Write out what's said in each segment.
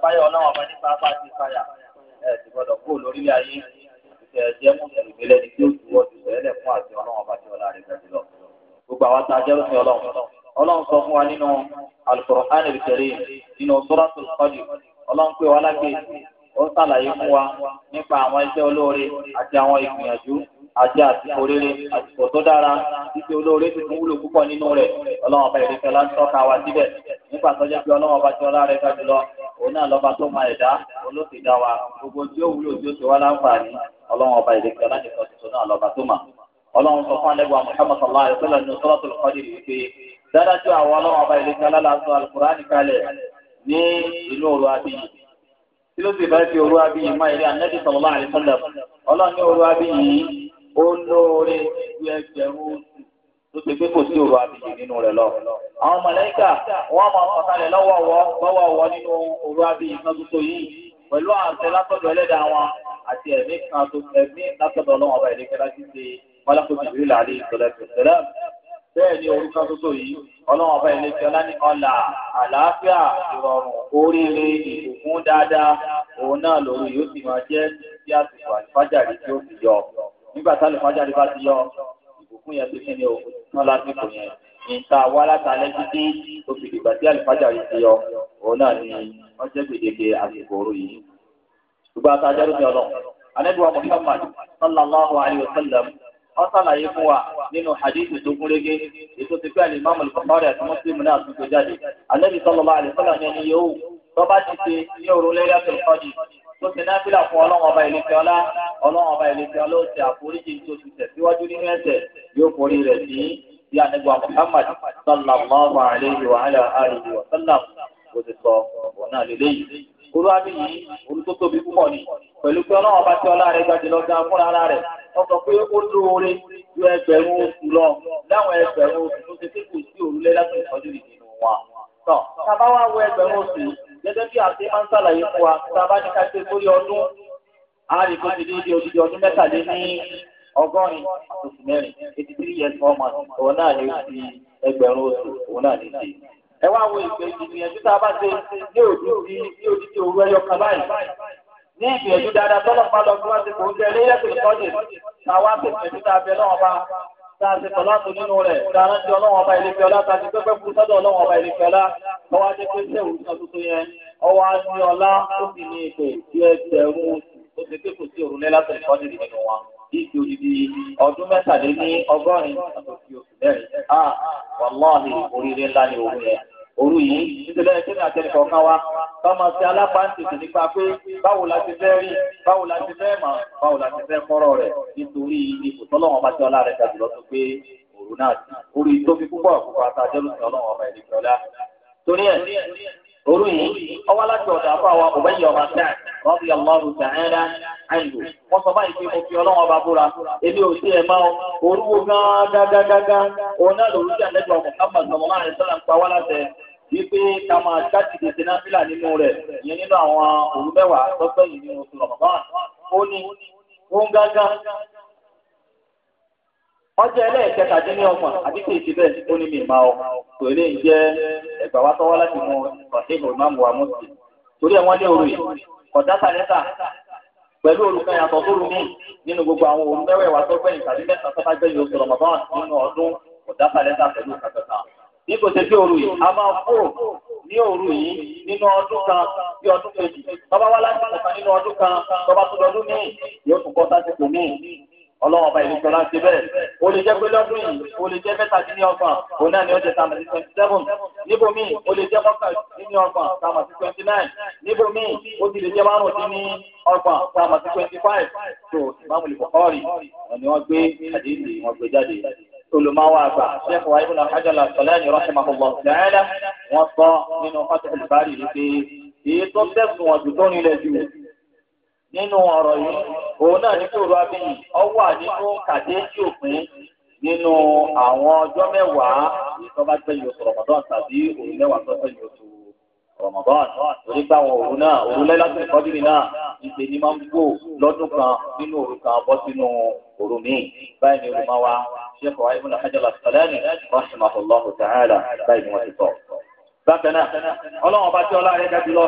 fáyà ọlọ́wọ́n ọmọ nípa bá ti fáyà ẹ ti gbọdọ̀ kó lórílẹ̀ ayé ìṣẹ̀ ẹ̀jẹ̀ mùsùlùmí lẹ́ni tí ó ti wọ́ ti sẹ́lẹ̀ fún àti ọlọ́wọ́n bá ti ọlá rẹ̀ gbẹ̀dẹ̀ lọ. gbogbo àwọn tá a jẹ́ lófin ọlọ́run ọlọ́run sọ fún wa nínú Al-Qur'an Al-Karim nínú Suratul Qadr ọlọ́run pé wàhálà gbé ó sàlàyé fún wa nípa àwọn iṣẹ́ olóore àti àwọn ìgbìyànjú àti àsìkò rere àsìkò tó dára títí olóore ti tún wúlò púpọ̀ nínú rẹ̀ ọlọ́run ọba ìrẹsẹ̀ láti tọ́ka wa síbẹ̀ nígbà tó pé ọlọ́run ọba tí ọlá rẹ̀ gbàdúrà òun náà lọ́ba tó máa ẹ̀dá olóòtú wa gbogbo tí ó wúlò tí ó ti wá láǹfààní ọlọ́run ọba ìdèkè ọlánìkan tuntun náà lọ́ba tó mà ọlọ́run sọ fún alẹ́gbọ̀n Muhammad sallallahu alayhi wa sallam ní sọ́lá tó lè kọ́ni rèé pé dáadájú àwọn ọlọ́run ọba ìdèkè alálàáfíà alukurani kalẹ̀ ní inú òru abiyì tí ló sì bá fi òru abiyì máa eré anabi sallallahu alayhi wa sallam ọlọ́run ní òru abiyì ó lóore ẹgbẹ̀rún tó ti pé kò sí òru àbìyè nínú rẹ̀ lọ. àwọn mọ̀lẹ́kà wọ́n máa sọ̀kalẹ̀ lọ́wọ́ọ̀wọ́ lọ́wọ́ọ̀wọ́ nínú òru àbìyè kan tuntun yìí pẹ̀lú àṣẹ látọ̀dọ̀ ẹlẹ́dàá wọn àti ẹ̀mí kan tó ẹ̀mí látọ̀dọ̀ ọlọ́wọ́n ọba ìdíkẹ́ láti ṣe mọ́lákòtò ìbílẹ̀ àlẹ́ ìṣẹ̀lẹ̀ ìṣẹ̀lẹ̀ bẹ́ẹ̀ ni orúkọ tuntun yìí ọlọ́wọ́n ọba ìlẹ́kẹ́ ọlá ní ọlà àlàáfíà ìrọ̀rùn oríire ìbùkún dáadáa òun náà lòru yóò sì máa jẹ́ sí àsìkò àlùfájàrí tí ó fi yọ nígbà tí àlùfájàrí bá ti yọ ìbùkún yẹn ti kí ni o náà lásìkò yẹn níta wá látàlẹ́ títí ó fi dìgbà tí àlùfáàjà yìí ti yọ òun náà ni wọ́n jẹ́ gbèdéke àsìkò òru yìí. ṣùgbọ́n àtàjà ló ti ọ̀nà anábìwá Muhammad sallallahu alayhi wa sallam wọ́n sàlàyé fún wa nínú hadith tó kún régé ètò ti pẹ́ alimami al-Bukhari àti Muslim náà tún tó jáde anábì sallallahu alayhi wa sallam ẹni yòówù tó bá ti ṣe ní òru Laylatul Qadr tó ti náà fílà fún ọlọ́run ọba ìlẹ̀kẹ́ ọlá ọlọ́run ọba ìlẹ̀kẹ́ ọlá ó ti àforíjì tó ti tẹ̀ nínú ẹ̀ṣẹ̀ yóò forí rẹ̀ sí sí anagba Muhammad sallallahu alayhi wa ala alihi wa sallam kò ti sọ wọn náà lélẹ́yìí olú àbí yìí olú tó tóbi púpọ̀ ni pẹ̀lú pé ọlọ́run bá ti ọlá rẹ̀ gbajì lọ gan fúnra ara rẹ̀ wọ́n sọ pé ó dúró oore ju ẹgbẹ̀rún oṣù lọ láwọn ẹgbẹ̀rún oṣù tó ṣe tí kò sí òrùlé láti ìtọ́jú ìdìbò wa. tọ́ tábà wá wọ ẹgbẹ̀rún oṣù gẹ́gẹ́ bí àti máa ń sàlàyé fún wa tábà ní ká ṣe sórí ọdún àárín tó ti dé ibi odidi ọdún mẹ́tàléní ọgọ́rin oṣù mẹ́rin eighty three years four months òun náà ní oṣù ẹgbẹ̀rún oṣù òun náà ní ṣe. ẹ wá wo ìgbẹ́ ìgbìyànjú tá a bá ṣe ní òdu ní òdu tí òru ẹyọ kan báyìí ní ìgbìyànjú dáadáa tọ́lọ́pàá lọ fún wa ti kò ń jẹ lẹ́yìn ìtọ́jú táwa ti gbìyànjú tá a bẹ náà bá tá a ti tọ́lá tó nínú rẹ̀ tá a rántí ọlọ́wọ́n ọba ilé fiọlá tá a ti pẹ́pẹ́ kú sọ́dọ̀ ọlọ́wọ́n ọba ilé fiọlá ọwọ́ adé pé sẹ́wù sọ tuntun yẹn ọwọ́ adé ọlá ó sì ní ìpè tí ẹ tẹ̀rù ó ti pé kò sí òrùlé látọ̀ ìtọ́jú nínú wa ìfi odidi ọdún mẹ́tàléní ọgọ́rin àtòkì oṣù mẹ́rin a wàláhì oríire ńlá ni òun yẹn òru yìí nítorí ẹni tí ní àtẹnì kọ̀ọ̀kan wa tọmọ sí alápáǹtìtì nípa pé báwo la ti fẹ́ rí báwo la ti fẹ́ mọ̀ báwo la ti fẹ́ kọ́rọ̀ rẹ̀ nítorí ipò tọ́lọ́wọ́n bá ti ọlá rẹ̀ dàbí lọ́tún pé òru náà orí tó fi púpọ̀ púpọ̀ àtàjẹ́lùsìn ọlọ́wọ́n ọba ìdíkọ̀ọ́lá torí ẹ̀ oru yìí ọwọ́ láti ọ̀dọ̀ afọ àwọn ọ̀bẹ́yẹ ọba sáà rọ́bì ọlọ́rù sàẹ́rà àìlù wọ́n sọ báyìí pé mo fi ọlọ́wọ́n ọba búra èmi ò sí máa òru wo òun náà lòun àlejò sọmọ máa rẹ sọlá ń pa wípé ká máa tètè náà fílà nínú ìyẹn nínú àwọn nínú ó ní ó ń ọjọ́ ẹlẹ́ẹ̀kẹtàdínlọ́gbọ̀n àbí kò ìṣe bẹ́ẹ̀ ó ní mímá ọ kò lè jẹ́ ẹgbà wa tọ́wọ́ láti mú ọ̀sìn ìmọ̀ọ́mù wa mú sí torí ẹ̀ wọ́n ní òru yìí kọ̀dá sanẹ́tà pẹ̀lú olùkọ́ yàtọ̀ sóru mí nínú gbogbo àwọn òun mẹ́wẹ̀ wa tó gbẹ̀yìn tàbí mẹ́ta tó bá gbẹ̀yìn oṣù Ramadan nínú ọdún kọ̀dá sanẹ́tà pẹ̀lú kàtàkà bí kò ṣe bí òru yìí a máa kúrò ní òru yìí nínú ọdún kan bí ọdún kejì tọ́ba wá láti kọ̀ọ̀kan nínú ọdún kan tọ́ba tó dọdún míì yóò tún kọ́ sásìkò míì ọlọ́run ọba ìlú sọlá ti bẹ́ẹ̀ o lè jẹ́ pé lọ́dún yìí o lè jẹ́ mẹ́ta dín ní ọgbọ̀n òun náà ni ó jẹ́ tàmà sí twenty seven níbo míì o lè jẹ́ mọ́kà dín ní ọgbọ̀n tàmà sí twenty nine níbo míì o sì lè jẹ́ márùn dín ní ọgbọ̀n tàmà sí twenty five tó ìmáàmù lè kọ́kọ́ rí ọ̀nì wọn gbé àdéhùn wọn gbé jáde olùmọ̀wá àgbà sheikh wa ibùdó àjọlá sọlẹ́ni rahimahullah ta'ala wọ́n sọ nínú fatih al-bari èyí tó tẹ̀sùn ọ̀dùn tó nílẹ̀ jù nínú ọ̀rọ̀ yìí òun náà ní kí òru abiyì ọ wà nínú kàdéjì òpin nínú àwọn ọjọ́ mẹ́wàá ìjọba gbẹ̀yìn oṣù rọ̀mọ̀dọ́n tàbí òru mẹ́wàá tó gbẹ̀yìn oṣù rọ̀mọ̀dọ́n torí pé àwọn òru náà òru lẹ́lọ́sìn kọ́dìrì náà ìṣe ni máa ń gbò lọ́dún kan nínú òru kan bọ́ sínú òru míì báyìí ni olùmọ̀ wa ṣe kọ́ ayélujára hajj alasalaani rahmatulahu ta'ala báyìí ni wọ́n ti sọ bákan náà ọlọ́run bá tí ọlá rẹ̀ dájú lọ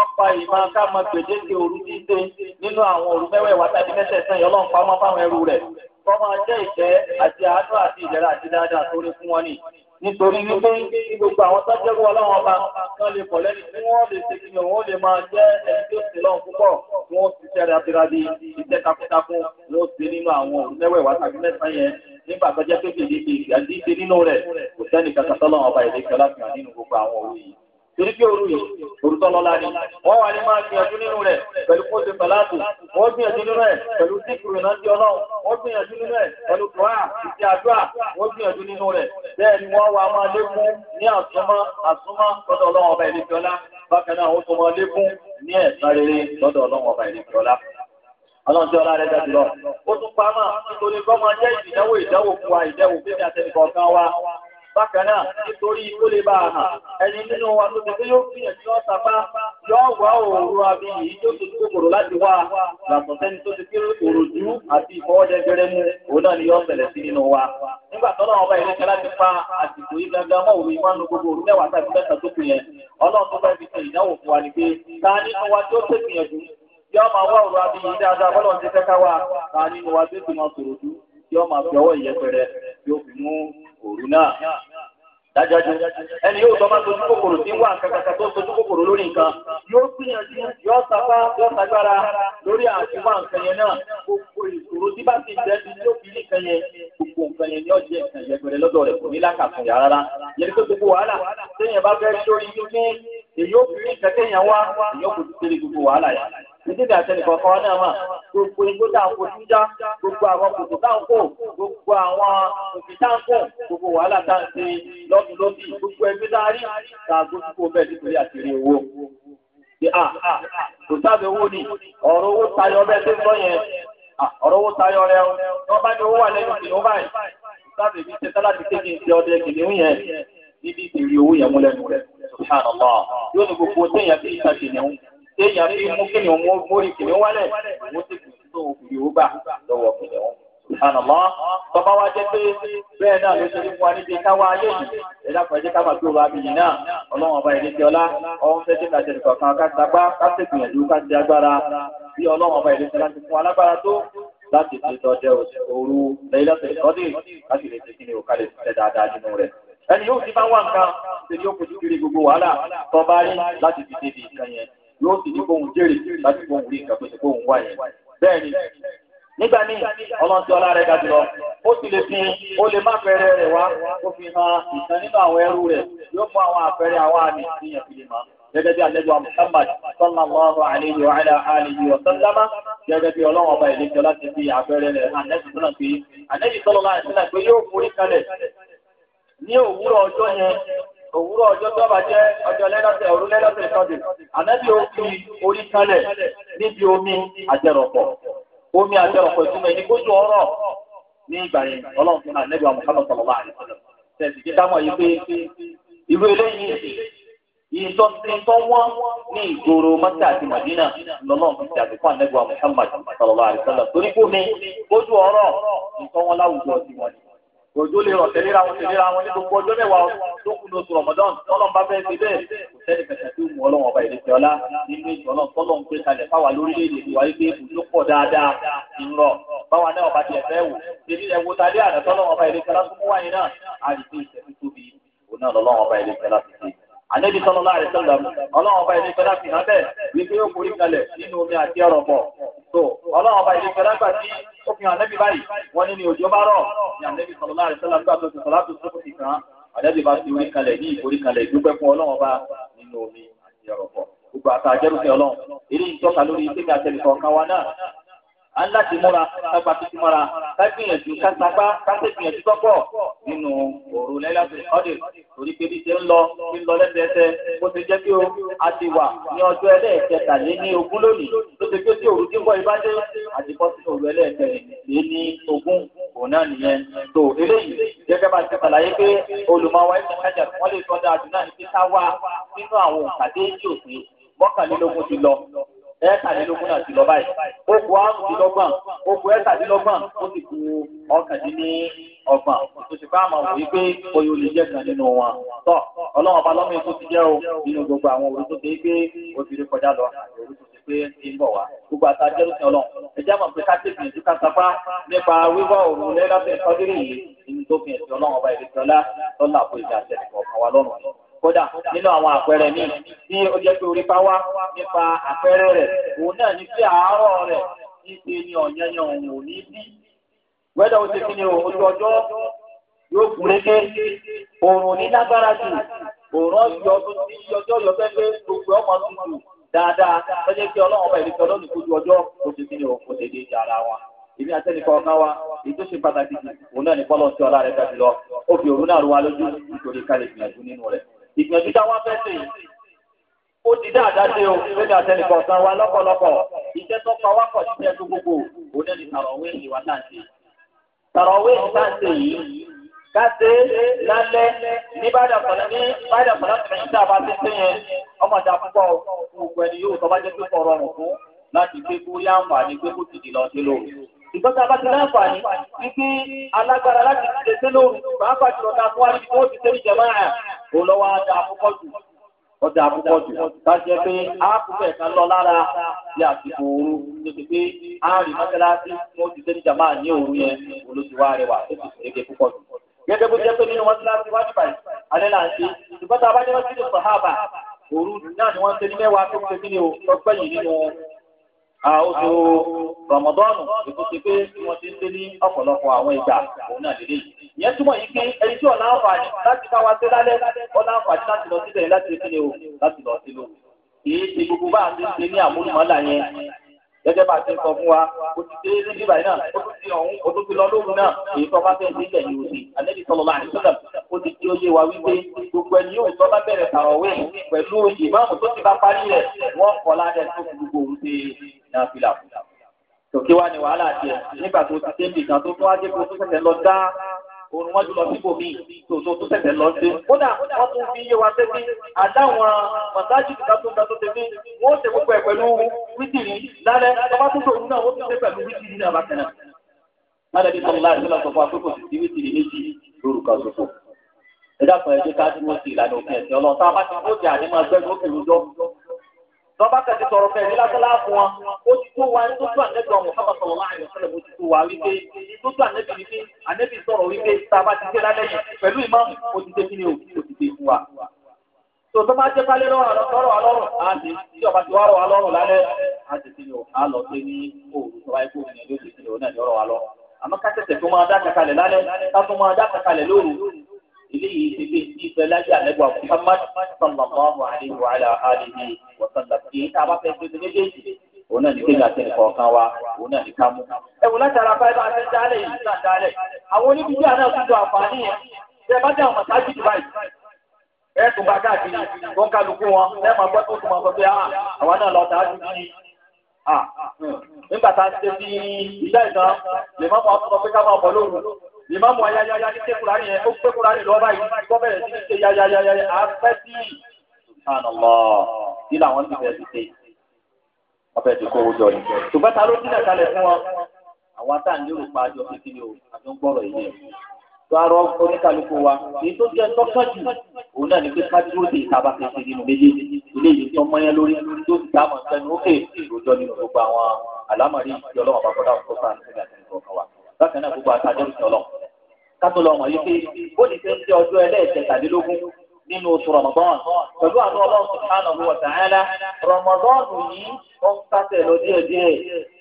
ọ̀pá ìmọ̀ ká mọ gbèdéke òru títẹ nínú àwọn òru mẹ́wẹ̀ẹ̀wá tàbí mẹ́sẹ̀ẹ̀sán yìí ọlọ́run pa ọmọ fáwọn ẹrú rẹ̀ kọ́ máa jẹ́ ìjẹ́ àti àánú àti ìjẹ́ra àti dáadáa tó rí fún wọn nìyí nítorí wípé kí gbogbo àwọn tọ́jọ́rú ọlọ́run ọba kan lè pọ̀ lẹ́nu tí wọ́n lè ṣe kí wọ́n lè máa jẹ́ ẹni tí ó sì lọ́run púpọ̀ wọ́n ti ṣe rábírábí iṣẹ́ takuntakun ló ṣe nínú àwọn mẹ́wẹ̀ẹ̀wá tàbí mẹ́sàn-án yẹn nígbà tó jẹ́ pé kìdìkì àdíje nínú rẹ̀ kò sẹ́ni kàkàtọ́ lọ́run ọba ìdíkẹ́ láti hàn nínú gbogbo àwọn òwe yìí torí pé òru yìí òru tọ́lọ́lá ni wọ́n wà ní máa gbìyànjú nínú rẹ̀ pẹ̀lú kó ṣe pẹ̀láàtù wọ́n gbìyànjú nínú rẹ̀ pẹ̀lú síkùrù ìrántí ọlọ́run wọ́n gbìyànjú nínú rẹ̀ pẹ̀lú kùrá ìṣe àdúrà wọ́n gbìyànjú nínú rẹ̀ bẹ́ẹ̀ ni wọ́n wà máa lékún ní àsúnmọ́ àsúnmọ́ lọ́dọ̀ ọlọ́run ọba ìlú fiọlá bákan náà ó tún máa lékún ní ẹ̀san rere lọ́dọ̀ ọlọ́run ọba ìlú fiọlá ọlọ́run tí ọlá rẹ̀ dá jùlọ ó tún pa á mà nítorí kọ́ jẹ́ ìdánwò ìdánwò fún wa ìdánwò fún mi àtẹnìkọ̀ọ̀kan wa bákan náà nítorí kó lè bá a ẹni nínú wa tó ti pé yóò gbìyànjú yóò tapá yóò wá òru àbí yìí tó ti kòkòrò láti wá làtọ̀ sẹ́ni tó ti pé òròjú àti ìfọwọ́jẹgbẹrẹ mú wa. nígbà ọba ìlú kẹlá ti pa àsìkò yìí gangan mọ́ òru gbogbo òru mẹ́wàá tàbí mẹ́ta tó yẹn ọlọ́run tó fi fún wa pé ta òru náà dájájú ẹni yóò tọ́ba sojú kòkòrò tí ń wà kàkàkà tó sojú kòkòrò lórí nǹkan yóò gbìyànjú yóò sapá yóò sagbára lórí àtiwá nǹkan yẹn náà gbogbo ìṣòro tí bá ti jẹ́ ti tó fi nìkan yẹn gbogbo nǹkan yẹn ni ó jẹ́ yẹn pẹ̀lẹ́ lọ́dọ̀ rẹ̀ kò ní lákàtún yàrá rárá yẹn tó gbogbo wàhálà téèyàn bá fẹ́ sórí èyí ó nítorí àtẹnìkọ̀ kan náà mà gbogbo igbó tá à ń fojú já gbogbo àwọn kòtò tá à ń kó gbogbo àwọn òkè tá à ń kó gbogbo wàhálà tá à ń ṣe lọ́dún lọ́bì gbogbo ẹgbẹ́ tá a rí tá a gbójú kó bẹ́ẹ̀ nítorí àtẹ̀lé owó. kò sábẹ̀ owó ni ọ̀rọ̀ owó tayọ bẹ́ẹ̀ tó ń lọ yẹn ọ̀rọ̀ owó tayọ rẹ o wọ́n bá ní owó wà lẹ́nu kìnìún báyìí sábẹ̀ mi ṣe tálá ti kéde ọdẹ kìnìún yẹn níbi ìṣèlú owó yẹn mú lẹ́nu rẹ̀ téèyàn fi mú kí ni òun mórí kìnìún wálẹ̀ òun sì kì í tó yorùbá lọ́wọ́ kìnìún. Ànàmọ́ bàbá wa jẹ́ pé bẹ́ẹ̀ náà ló ṣe fún wa níbi káwá ayé yìí. Ẹ̀dá kan ẹ̀jẹ̀ ká máa gbé wa abìyìn náà. Ọlọ́run ọba ìrètí ọlá, ọ̀hún fẹ́ jẹ́ ká jẹ́ nìkan kan ká sagbá, ká sì gbìyànjú ká ti agbára. Bí ọlọ́run ọba ìrètí ọlá ti fún wa lágbára tó láti ṣe tọ́jẹ́ òru lẹ́yìn lọ́sẹ̀ ìkọ́dé láti lè ṣe kí òkàlẹ̀ ṣiṣẹ́ dáadáa nínú rẹ̀ ẹni yóò ti bá wà nǹkan ṣe ni ó kojú kiri gbogbo wàhálà tó bá rí láti fi débi nǹkan yẹn yóò sì ní kóhun jèrè láti kóhun rí nǹkan kóhun wá yẹn. nígbà míì fi ó lè má fẹ́rẹ́ rẹ̀ wá ó fi hàn ìtàn nínú àwọn ẹrú rẹ̀ yóò mú àwọn àpẹẹrẹ àwọn àmì ìyẹn fi gẹ́gẹ́ bí alẹ́ wa muhammad sallallahu ọba fi àpẹẹrẹ rẹ̀ anẹ́bí sọ́nà pé anẹ́bí sọ́nà láti sílẹ̀ pé yóò forí kalẹ̀ ní òwúrọ̀ òwúrọ̀ ọjọ́ tó bá jẹ́ ọjọ́ lẹ́lọ́sẹ̀ òru lẹ́lọ́sẹ̀ sọ́dì ànábì ó fi orí kalẹ̀ níbi omi àjẹrọ̀pọ̀ omi àjẹrọ̀pọ̀ ìtumọ̀ ẹni kójú ọ̀rọ̀ ní ìgbà yẹn ọlọ́run fún ànábì wa Muhammad sọlọ́wọ́ àdìsọ́lọ́ tẹ̀sí kí táwọn yìí pé irú eléyìí ìsọ̀tìntọ́ wọn ní ìgboro mọ́tà àti màdínà lọ́lọ́run fi ṣe àdìkú ànábì wa Muhammad sọlọ́wọ́ àdìsọ́lọ́ torí kó mi kójú ọ̀rọ̀ ìtọ́wọ́n láwùjọ ti wọ̀nyí òjò lè rọ̀ tẹ̀léra wọn tẹ̀léra wọn ní gbogbo ọjọ́ mẹ́wàá tó kù lóṣù rọ̀mọ́dán tọ́lọ́n bá fẹ́ẹ́ ṣe bẹ́ẹ̀ kò sẹ́ni kẹsàn-án tí ó mú ọlọ́run ọba ìdíje ọlá nínú ìjọ náà tọ́lọ́n pé kalẹ̀ fáwa lórílẹ̀‐èdè ìwà yìí pé ibùdó pọ̀ dáadáa ń lọ báwa náà ọba tiẹ̀ fẹ́ wò ṣèlú ẹ̀wò tàdé àná tọ́lọ́run ọba ìdíje ọlá tó mú wáyé náà ànẹ́bí sallallahu alaihi wasallam ọlọ́run ọba ilé fẹ́lá fi hàn bẹ́ẹ̀ wípé ó forí kalẹ̀ nínú omi àti ẹ̀rọ̀ pọ̀ tó ọlọ́run ọba ilé fẹ́lá gbà tí ó fi hàn ànẹ́bí báyìí wọ́n ní ní òjò bá rọ̀ ní ànẹ́bí sallallahu alaihi wasallam gbà tó ti sọ̀lá tó sọ́kù ti kàn án ànẹ́bí bá ti forí kalẹ̀ ní ìforí kalẹ̀ ìdúpẹ́ fún ọlọ́run ọba nínú omi àti ẹ̀rọ̀ pọ̀ gbogbo àtà àjẹrùsẹ ọlọ́run èyí ń tọ́ka lórí ìpínlẹ̀ àtẹnìkọ̀ kan wa náà a ń láti múra kápá títí múra kágbìyànjú kásapá kásẹ̀gbìyànjú tọ́pọ̀ nínú òru lẹ́lẹ́sẹ̀ ọ̀dẹ̀ torí pé bí ṣe ń lọ bí ń lọ lẹ́sẹẹsẹ bó ti jẹ́ kí o a ti wà ní ọjọ́ ẹlẹ́ẹ̀kẹta lé ní ogún lónìí tó ti gbé sí òru tí wọ́n ibà dé àdìpọ́ sí òru ẹlẹ́ẹ̀kẹrin lé ní ogún òun náà nìyẹn tó eléyìí gẹ́gẹ́ bá ti ṣàlàyé pé olùmọ̀wá ẹ̀sìn kájà wọ́n lè sọ́dọ̀ àdúrà ní pé ká wà nínú àwọn òǹkà déjì òsè mọ́kànlélógún ti lọ ẹ̀ẹ́tàdínlógún náà ti lọ báyìí okùn àrùndínlọ́gbọ̀n okùn ẹ̀ẹ́tàdínlọ́gbọ̀n ó ti kù ọ̀kàndínlọ́gbọ̀n tó ti fẹ́ àmọ̀ wí pé oyè olè jẹ́ kan nínú wọn tọ́ ọlọ́wọ́n bá lọ́mọ ikú ti jẹ́ o nínú gbogbo àwọn òwe tó ṣe é pé òbírí kọjá lọ òwe tó ṣe pé ń bọ̀ wá gbogbo àti ajẹ́rùsìn ọlọ́run ẹ̀jẹ̀ àmọ̀ pé káṣíìsì ìlú kásápá nípa wíwá òòrùn lẹ́gbàfẹ́ sọ́dírì yìí ìlú tó fi ẹ̀sìn ọlọ́run ọba ìrètí ọlá tọ́lá àpò ìgbà àtẹnìkọ̀ọ̀kan wa lọ́rùn kódà nínú àwọn àpẹẹrẹ míì tí ó jẹ́ pé orí bá wá nípa àpẹẹrẹ rẹ̀ òun náà ní sí àárọ̀ rẹ̀ ní ti ní ọ̀yẹ́yẹ́ òun ò ní bí wẹ́dọ̀ ó ti fi ní ọjọ́ yóò gúnrégé òòrùn ní lágbára jù òòrùn ọjọ́ yọ gbogbo ọmọ dáadáa ọlọ́run ọba kojú ọjọ́ ó ti fi ní wa èyí tó ṣe ìgbìyànjú táwa fẹ́ sè é ó ti dáadáa dé o lórí àtẹnìkọ̀ san wa lọ́pọ̀lọpọ̀ iṣẹ́ tó pa wá pọ̀ jíjẹ́ tó gbogbo òun náà ni tàràwé ìwà náà ṣe tàràwé ìwà náà ṣe yìí kase lálẹ́ ní bàdà fọlá ní bàdà fọlá tẹ̀lé tá a bá ti sè yẹn ọmọ ìjà púpọ̀ gbogbo ẹni yóò tọ́ bá jẹ́ pé kọ̀ rọrùn fún láti gbé kó yá àǹfààní gbé kó tìdí lọ sí lóru ìgbọ́ta bá ti láǹfààní wípé alágbára láti ṣe ṣe lóru pàápàá jùlọ ta fún wájú tó ti ṣe ní jẹmáà ò lọ́wọ́ ada àkókò jù ọjà àkókò jù bá jẹ pé áàpùpẹ̀ kan lọ lára bí àsìkò ooru tó ti pé àárín mọ́sálásí tó ti ṣe ní jẹmáà ní òru yẹn olóṣùwà rẹwà tó ti ṣe gẹ́gẹ́ púpọ̀ jù. gẹ́gẹ́ bó jẹ́ pé nínú mọ́sálásí wájú oṣù rọmọdọ́nù ètò ti pé wọ́n ti ń dé ní ọ̀pọ̀lọpọ̀ àwọn ìgbà òun náà lélẹ̀ yìí. ìyẹn túmọ̀ yìí pé ẹni tí ọ̀la àǹfààní láti bá wa dé lálẹ́ ọ̀la àǹfààní láti lọ síbẹ̀ láti fi ni o láti lọ sí lò. èyí ti gbogbo bá a ti ń ṣe ní àmúlùmọ́là yẹn gẹ́gẹ́ bá a ti sọ fún wa o ti dé ní bíbáyìí náà o ti di ọ̀hún o tó fi lọ lóru náà èyí tó bá fẹ́ẹ́ nílẹ̀ o ti di oyé wa wípé gbogbo náà fi là fúlà tòkí wá ní wàhálà tiẹ̀ nígbà tó ti débi kan tó tún wá dé kó tó ṣẹ̀ṣẹ̀ lọ dá òun wọn jùlọ síbòmí tòótọ́ tó ṣẹ̀ṣẹ̀ lọ sí. kódà wọn tún fi yé wa sẹ́sí àdáwọn mọ̀sáàjì tó tún ga tó ṣe wọn ó ṣe gbogbo ẹ̀ pẹ̀lú wítìrì lálẹ́ tọ́ba tó ṣòro náà ó tún ṣe pẹ̀lú wítìrì náà bá tẹ̀lé. lálẹ́ bí sọ́lá sọ fún akókò sí wítìrì méjì lórúkọ ṣoṣo ẹ̀dá kan ẹ̀jẹ̀ ká dúró sí ìlànà òfin lọ́ba tẹ̀sí sọ̀rọ̀ fẹ́ẹ̀ nílásílá fún wọn ó ti tó wa tó tó ànẹ́bí ọmọ sábà sọ̀rọ̀ láàyè sọ̀rọ̀ bó ti tó wa wípé tó tó ànẹ́bí ni ànẹ́bí sọ̀rọ̀ wípé tá a bá ti dé lálẹ́ yìí pẹ̀lú ìmáàmù ó ti dé kí ni o ó ti dé fún wa. tó tó bá jẹ́ kálẹ̀ lọ́rọ̀ sọ̀rọ̀ alọ́rùn á ti tí ọba ti wá rọ̀ alọ́rùn lálẹ́ á ti ti lọ á lọ pé ní òòrùn tó bá yẹ kó ìrìn àjò ti ti lọ náà ní ọ̀rọ̀ alọ́rùn àmọ́ ká tẹ̀sẹ̀ tó máa eléyìí ti fi ti fẹ́ lájú àlẹ́gbà Muhammad sallallahu alayhi wa alihi wa sallam kì í ta bá fẹ́ gbé méjèèjì òun náà ní kéde àti nǹkan wa òun náà ní ká mú. ẹ wò látara báyìí bá a ti dálẹ̀ yìí náà dálẹ̀ àwọn oníbíbí àná tún do àǹfààní yẹn tẹ bá dé àwọn mọ̀sájú dubai ẹ tún bá káàkiri tó ń kálukú wọn ẹ máa gbọ́ tó tún máa sọ pé ah, àwọn náà lọ tàá dùn ah, hmm. nígbà tá a ṣe bí ìjà ìtàn lè má máa sọ pé ká máa bọ̀ lóru ìmáàmù ayáyáyá ní kékeré ayé ó kékeré ayé lọ́ba yìí wọ́n bẹ̀rẹ̀ sí ní ṣe yáyáyáyá afẹ́ sí i. subhanallah kí làwọn ti bẹ̀rẹ̀ sí ṣe wọ́n bẹ̀rẹ̀ sí kó owó jọ ni. ṣùgbọ́n ta ló dínà kalẹ̀ fún wọn. àwọn atáǹdé rò pa àjọ kékeré o àjọ ń gbọ́rọ̀ yìí yẹn. sọ́rọ́ oníkàlùkù wa èyí tó jẹ́ tọ́kàn jù òun náà ni pé kájúrò dé ìtaba kẹsì nínú méjèèjì ilé yìí tó mọ́yán lórí tó ti dá mọ̀ sẹ́nu ókè ìròjọ́ nínú gbogbo àwọn àlámọ̀rí ìjọlọ́wọ́ àbákọ́dá òkúta àti ìgbà tó ń bọ̀ wá. bákan náà gbogbo àtàjọ́ ìjọlọ́wọ́ kátó lọ wọ̀nyí pé ó lè fẹ́ ṣe ọjọ́ ẹlẹ́ẹ̀kẹtàlélógún nínú oṣù Ramadan pẹ̀lú àwọn ọlọ́run subhanahu wa ta'ala Ramadan yìí ó ń kásẹ̀ lọ díẹ̀díẹ̀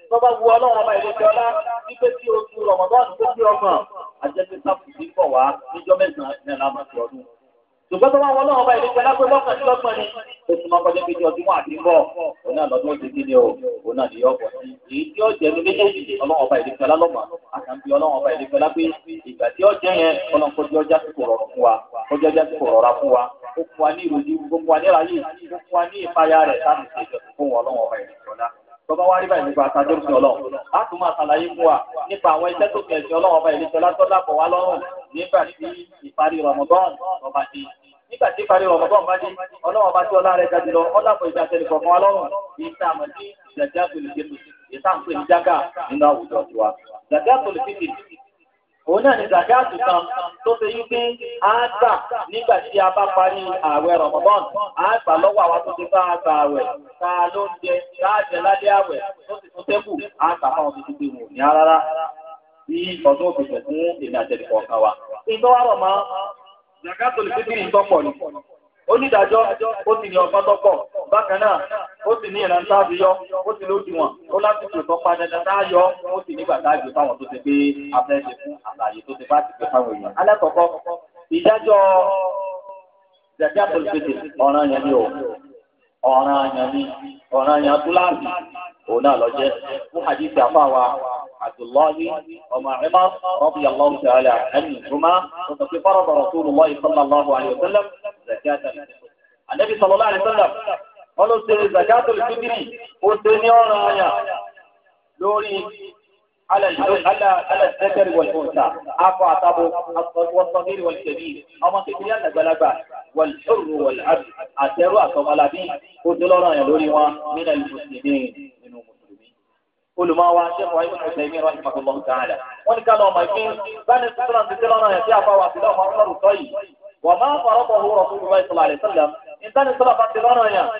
tọ́ba wu ọlọ́run ọba ìlú jọlá wípé tí oṣù Ramadan tó di ọgbọ̀n àjẹsí sáfù sí pọ̀ wá níjọ́ mẹ́sàn-án ní ṣùgbọ́n tó bá wọ́n náà ọba ìlú pẹ̀lú pé lọ́kàn sí lọ́gbọ̀n ni ó sì máa kọjá péjọ ọdún àti ń bọ̀ òun náà lọ́dún òjì kí ni o òun náà ni yọ ọ̀pọ̀ sí èyí tí ó jẹ́ ní méjèèjì ọlọ́run ọba ìlú pẹ̀lú lọ́mọ àtàǹbí ọlọ́run ọba ìlú pẹ̀lú pé ìgbà tí ó jẹ́ yẹn ọlọ́run kọjú ọjà sí kòrọ̀ fún wa kọjú ọjà sí kòrọ̀ fún wa ó fún wa ní ìròyìn ó wa ní ìráyè bàbá wa rí báyìí nípa àtàjọ òfin ọlọ́run a tún máa ṣàlàyé fún wa nípa àwọn iṣẹ́ tó fẹ̀sìn ọlọ́run ọba ìlẹ́sẹ̀ látọ́lá bọ̀ wá lọ́rùn nígbà tí ìparí rọmọdọ́n ọba dé nígbà tí ìparí rọmọdọ́n bá dé ọlọ́run ọba tí ọlá rẹ̀ ga jùlọ ọlọ́pọ̀ ìjà tẹ̀lé kọ̀ọ̀kan wa lọ́rùn ìta àmọ̀dé ìjàdí àtòlùfẹ́ ìta àǹpẹ̀ ìjágà nínú àwùjọ tiwa ìjàdí àtòlùfẹ́ òun náà ni zakat kan tó ṣe yí pé a gbà nígbà tí a bá parí ààwẹ̀ rọmọbọn a gbà lọ́wọ́ àwa tó ti bá a gbà ààwẹ̀ ká ló ń jẹ ká jẹ lálẹ́ ààwẹ̀ tó sì tún tẹkù a gbà fáwọn tó ti gbé wò ní rárá bí ọdún òfìfẹ fún èmi àtẹnìkọ̀ọ̀kan wa. ìgbọ́wọ́ rọ̀ mọ́ zakat olùfẹ́bí ìtọ́pọ̀ ni onídàájọ́ ó sì ní ọgbọ́n tọ́pọ̀ bákan náà ó sì ní ìrántí àbíyọ ó sì lódì wọn ó lásìkò tó pa dandan tá a yọ ó sì nígbà tá a gbé fáwọn tó ti pé abẹ́ẹ̀ṣe fún àlàyé tó ti bá ti pé fáwọn èèyàn. alákọ̀ọ́kọ́ ìdájọ́ jàdí àpòlùpẹ̀tẹ̀ ọ̀ràn yẹn ni o ọ̀ràn yẹn ni ọ̀ràn yẹn túláàbì òun náà lọ jẹ́ fún àdìsí àfáwa عبد الله وما عمر رضي الله تعالى عنهما وقد فرض رسول الله صلى الله عليه وسلم zakata al-fitr anabi sallallahu alaihi wasallam wọn ló ṣe zakata al-fitr ó ṣe ní ọ̀ràn àyà lórí alẹ́sẹ̀kẹ̀rì wọ̀lùfọ̀nsà akọ àtàbọ̀ wọ́sọ̀gẹ́rì wọ̀lùfẹ̀bí ọmọ kékeré àtàgbàlagbà wọ̀lùfọ̀rù wọ̀lùfọ̀rù àtẹ̀rù àtọmọlábí ojúlọ́rọ̀ yẹn lórí wọn nínú ìmùsùlùmí nínú mùsùlùmí. olùmọ̀wá sẹ́kọ̀ọ́ ibùdó ìsẹ̀mí rọ́ọ̀nì pàtó وما فرضه رسول الله صلى الله عليه وسلم إنسان صدق انتظارنا يا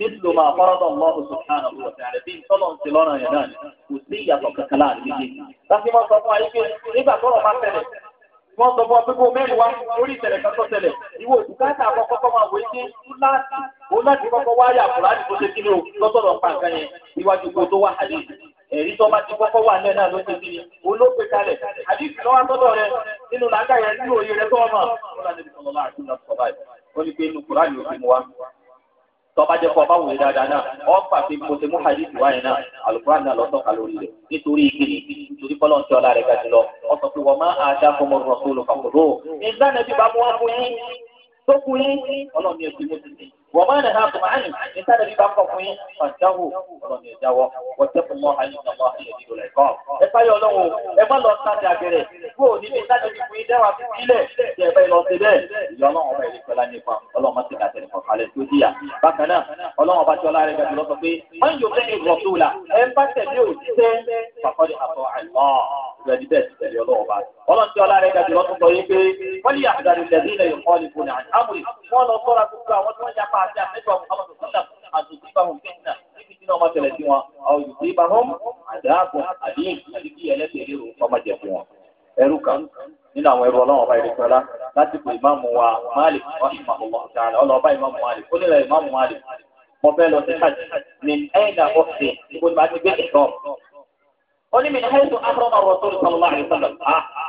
مثل ما فرض الله سبحانه وتعالى في صلى انتظارنا يا نان وسية وككلان بيجي لكن ما صفوا عليك إذا صلى ما تلك wọ́n sọ fún ọ pé kó mẹ́rin wá lórí ìṣẹ̀lẹ̀ kan tó ṣẹlẹ̀ ìwọ òbúkátà àkọ́kọ́ tó máa wòye sí láti òun láti kọ́kọ́ wáyà kùrá ní kó ṣe kí ni o lọ́sọ̀rọ̀ pa nǹkan yẹn iwájú kó tó wá àdéhùn ẹ̀rí tó bá ti kọ́kọ́ wà lẹ́ẹ̀ náà ló ti di olóògbé kalẹ̀ àdìsí lọ́wọ́ tọ́tọ̀ rẹ nínú làákà yẹn nínú òye rẹ tọ́wọ́ mọ̀ ó ní pé inú kúránì òfin mu wa tọ́ba jẹ́ kọ́ ọba wòye dáadáa náà ọ́ pàṣẹ mo ti mú hadith wáyé náà alukóran náà lọ́tọ̀ kalori rẹ̀ nítorí ìkíni nítorí kọ́lọ́ ń tẹ́ ọ lára ẹ̀ka jùlọ ọ sọ pé wọ́n máa ń aṣá fún ọmọdún ọ̀sán olùkọ́ kò lóò. tó fún wọ́n máa nà hàkùn àní níta nàbí bá kọ̀ fún yín fàjáwò ọ̀rọ̀ ní ìjáwọ́ wọ́n tẹ́kùn mọ́ àyè ìjọba àyè ìdìbò rẹ̀ kọ́. ẹ báyọ̀ lọ́wọ́ ẹ má lọ sáde àgẹ̀rẹ̀ kó o níbi ìtajà ti fún yín dẹ́wà fún ilẹ̀ tí ẹ bá lọ sí bẹ́ẹ̀. ìyá ọlọ́run ọba ìlú pẹ̀lá nípa ọlọ́run má ti kà tẹ̀lé kan kalẹ̀ tó díyà. bákan náà ọlọ́run ọba tí ọlá rẹ̀ gbẹ̀dọ̀ sọ bá àti àtẹ́jọ́ àwọn ọmọdé àtúntò ìbámu fẹ́ǹtà níbi tí wọ́n tẹ̀lé sí wọn àwọn yòókù ìbámu àdáàbọ̀ àdéhùn àti kí ẹlẹ́sẹ̀ lérò ọmọ jẹ fún wọn. ẹrú kan nínú àwọn ẹrú ọlọ́run ọba ìrẹsì ọlá láti pè ìmáàmù wa Malik ọ̀ṣùmá ọmọ ọ̀sán ọlọ́ọ̀bá ìmáàmù Malik ó nílẹ̀ ìmáàmù Malik mo fẹ́ lọ sí hajj ní ẹ̀yìn àkọsí ìbò ó ní mìíràn hẹ́sùn amúrọ̀mọ̀ rọ̀tọ́lù sọlọ́lá àìsàn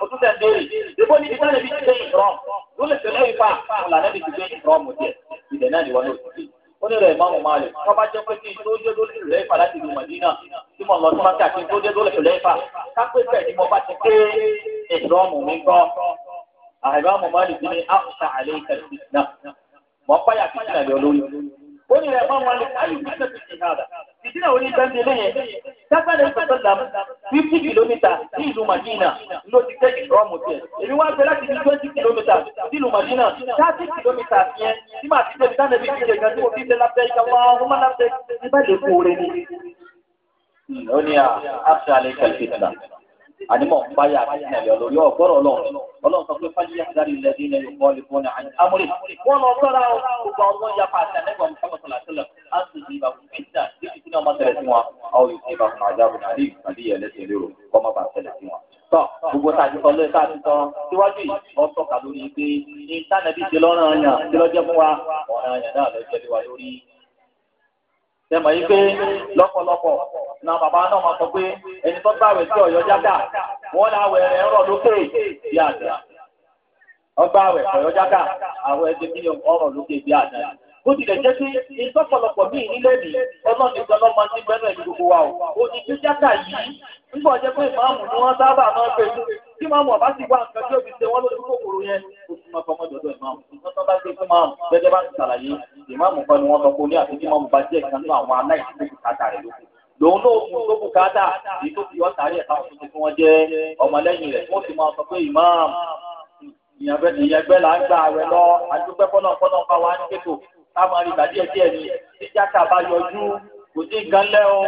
ọ̀tún tẹ̀ béèrè dèbò níbi táwọn ẹbí ti gbé ìrọ̀m lólè tẹ̀lé ìfà ọ̀là ẹbí ti gbé ìrọ̀m díẹ̀ ìdẹ̀ náà ni wọn ò ti ó ní rẹ̀ ìmáàmù máa lè kọ́ba jẹ́ pé kí n tó jẹ́ lólè tẹ̀lé ìfà láti ìlú Màdínà tí mo lọ sí máa kí n tó jẹ́ lólè tẹ̀lé ìfà kápẹ́ bẹ́ẹ̀ ni mo bá ti gbé ìrọ̀m mi gan àìmáàmù máa lè dín ní àkùsà àlẹ́ ìkàlẹ́ ó ní ẹ̀fọ́ wọn ni ayù kíkẹ́ ti ti hàn ìdílé òní gbẹ́ndé lẹ́yìn sáfẹ́lẹ́ ìfọ̀sọ́lá 50 kìlómítà ní ìlú madina ló ti tẹ́ ìrọ́mù tiẹ̀ èmi wá gbé láti di twenty kìlómítà sí ìlú madina thirty kìlómítà yẹn tí màá ti tẹ̀lé dáná bíi ìjẹ̀gà tí mo fi tẹ̀lé abẹ́ ìjà wọn ọmọ máa lábẹ́ ìbá lè kó ni. ó ní àṣà àlẹ́ kàlẹ́ ànímọ̀ nbáyà àtìsínà lè lórí ọ̀gbọ́rọ̀ ọlọ́run ọlọ́run sọ pé fájíyà dárí lẹ́dí ilẹ̀ yòókù ọ̀lẹ́fọ́nà àmúlẹ̀ wọn lọ sọ́ra o gbogbo àwọn ọ̀yà pàṣẹ àtẹ̀gbọ̀n mùsàlùmọ́ sọ̀làtẹ̀lẹ̀ àti ìgbà fìtà títí tí wọ́n tẹ̀lé sí wọn àwọn yòókù ìgbà fún àjábọ̀ nàdí nàdí yẹn lẹ́sẹ̀ lérò kọ́ má bàa tẹ̀lé sí wọn. tọ́ gbogbo tàbí sọ lóye tàbí sọ síwájú yìí wọ́n tọ́ka lórí pé ní tánàbí ti lọ́rùn àyàn tí lọ́jẹ́ fún wa ọ̀ràn àyàn náà lọ́jẹ́ lé wa lórí sẹmọ yìí pé lọ́pọ̀lọpọ̀ náà bàbá náà máa sọ pé ẹni tó bá àwẹ̀ tí ọ̀yọ́ jágà wọn là wẹ̀ rẹ̀ rọ̀ lókè bí àdá ọgbà àwẹ̀ ọ̀yọ́ jágà àwẹ̀ ẹ̀dẹ̀ bí ọ̀rọ̀ lókè bí àdá bó tilẹ̀ jẹ́ pé ìtọ́pọ̀lọpọ̀ míì nílé mi ọlọ́ọ̀ni sọ lọ́mọ tí gbẹ́nu ẹ̀ ní gbogbo wa o òjijì jágà yìí nígbà ọjọ́ pé ìmáàmù ni wọ́n sábà máa ń pè tí máa mú ọba sì wá nǹkan tí òbí ṣe wọn lójú kòkòrò yẹn kò sì máa fọmọ dọdọ ìmáàmù nǹkan tó bá ṣe fún máàmù gẹ́gẹ́ bá ti ṣàlàyé ìmáàmù kan ni wọn sọ pé ní àti tí máàmù bá jẹ ìkan nínú àwọn aláìsí tó bùkátà rẹ lókun lòun náà mú tó bùkátà èyí tó fi ọ̀tá rẹ̀ táwọn tuntun tí wọ́n jẹ́ ọmọlẹ́yìn rẹ̀ wọ́n sì máa sọ pé ìmáàmù ìyẹ̀gbẹ́ là ń gbà rẹ̀ lọ àdúgbẹ́ fọ́nàfọ́nà pa wá ní kéto táwọn arìgbà díẹ̀ ni tíjáta bá yọjú kò sí nǹkan lẹ́ o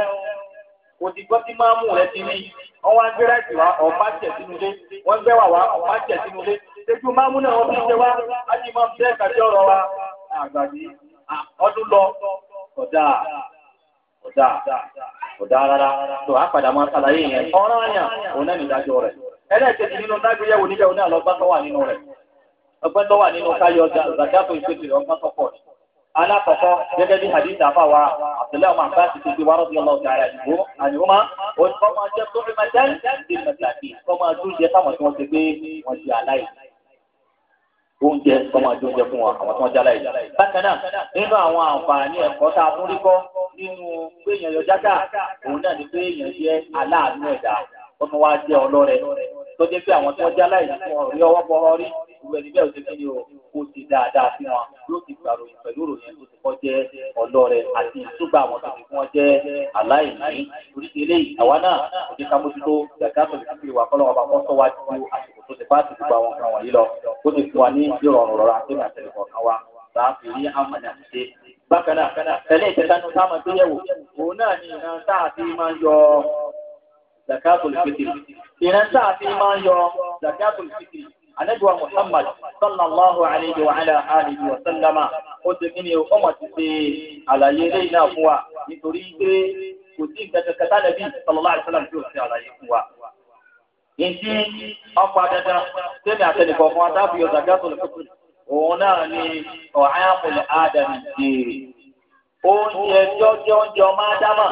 odigbo ti maamu sí rẹ ti rí wọ́n wá gbé wá ọ̀pá tẹ̀ sínú gbé wà wá ọ̀pá tẹ̀ sínú ṣéjú náà fi ṣe wá láti máa fi ẹ̀ka ọ̀rọ̀ wa àgbàdì ọdún lọ ọ̀dà ọ̀dà ọ̀dà rárá tó a padà máa ṣàlàyé yẹn ọ̀ràn àyàn òun náà nìdájọ́ rẹ̀ ẹlẹ́ẹ̀kejì nínú dágbéyẹ̀wò níbẹ̀ òun náà wà nínú rẹ̀ alákọ̀ọ́kọ́ gẹ́gẹ́ bí hadith àfàwà abdullahi ọmọ àbáṣe ti fi wárọ́ bí ọlọ́ọ̀tà rẹ̀ àdìgbò àdìgbòmá olùkọ́ máa jẹ́ tó fi máa jẹ́ ní mẹ́tàkì kọ́ máa dún jẹ fáwọn tí wọ́n ti gbé wọn ti aláì oúnjẹ kọ́ máa dún jẹ fún wọn àwọn tí wọ́n jẹ́ aláì. bákan náà nínú àwọn àǹfààní ẹ̀kọ́ tá a tún rí kọ́ nínú péyàn yọ jáká òun náà ni péyàn jẹ́ aláàánú ẹ̀dá ó tún wá jẹ́ ọlọ́rẹ tó jẹ́ pé àwọn tí wọ́n jẹ́ aláì kó ti dáadáa sí wọn yóò ti gbàròyìn pẹ̀lú ìròyìn tó ti kọ́ jẹ́ ọlọ́rẹ̀ àti ìtúgbà àwọn tó ti fún wọn jẹ́ aláìní oríṣi eléyìí àwa náà kò ní ká mójútó gàgàtò ní kíkiri wà kọ́lọ́wọ́ bá kọ́ sọ́wọ́ ju àsìkò tó ti bá ti gbogbo àwọn kan wọ̀nyí lọ ó ti fún wa ní ìrọ̀rùn rọra tó ní àtẹ̀lẹ̀ kọ̀ọ̀kan wa bá fi ní àmàlà ṣe bákan náà ìtẹ̀sánú táwọn ni ìran tá a ti máa ń yọ zakatul fitri ànábì wa muhammad sallallahu alayhi wa ala alihi wa sallama ó ti kí ni ọmọ ti ṣe àlàyé eléyìí náà fún wa nítorí pé kò sí nǹkan kankan tá nàbí sallallahu alayhi wa sallam tí ó ṣe àlàyé fún wa. Ìdí ọkọ̀ adandan sẹ́mi àtẹnìkọ̀ fún adábí ọ̀dà gásọ̀lù fún òun náà ni ọ̀hánpẹ̀lẹ̀ ádámì jèrè. Oúnjẹ jọjọ jọ máa dámà,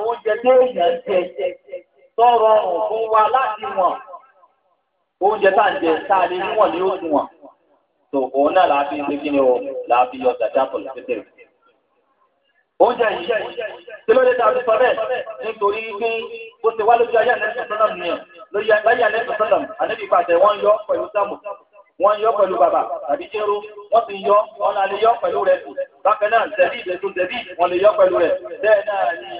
oúnjẹ tó èèyàn jẹ tọrọ ọ̀hún wa láti wọ̀n oúnjẹ tá à ń jẹ tá a lè níwọ̀n ní òkun wọn tó òun náà làá fi ṣe kíni o làá fi yọ dàda pọ̀lú pété rẹ̀. oúnjẹ yìí tí ló tá a fi sọ bẹ́ẹ̀ nítorí pé bó ṣe wá lójú ayé àlẹ́sìn sọ́nà nìyẹn lórí ayé àlẹ́sìn sọ́nà ànábì pàṣẹ wọ́n yọ pẹ̀lú sáàmù wọ́n yọ pẹ̀lú bàbà tàbí jẹ́rú wọ́n ti yọ ọ̀nà àlè yọ pẹ̀lú rẹ̀ bákan náà zẹ̀bí ìdẹ̀tún zẹ̀bí wọ́n lè yọ pẹ̀lú rẹ̀ bẹ́ẹ̀ náà ni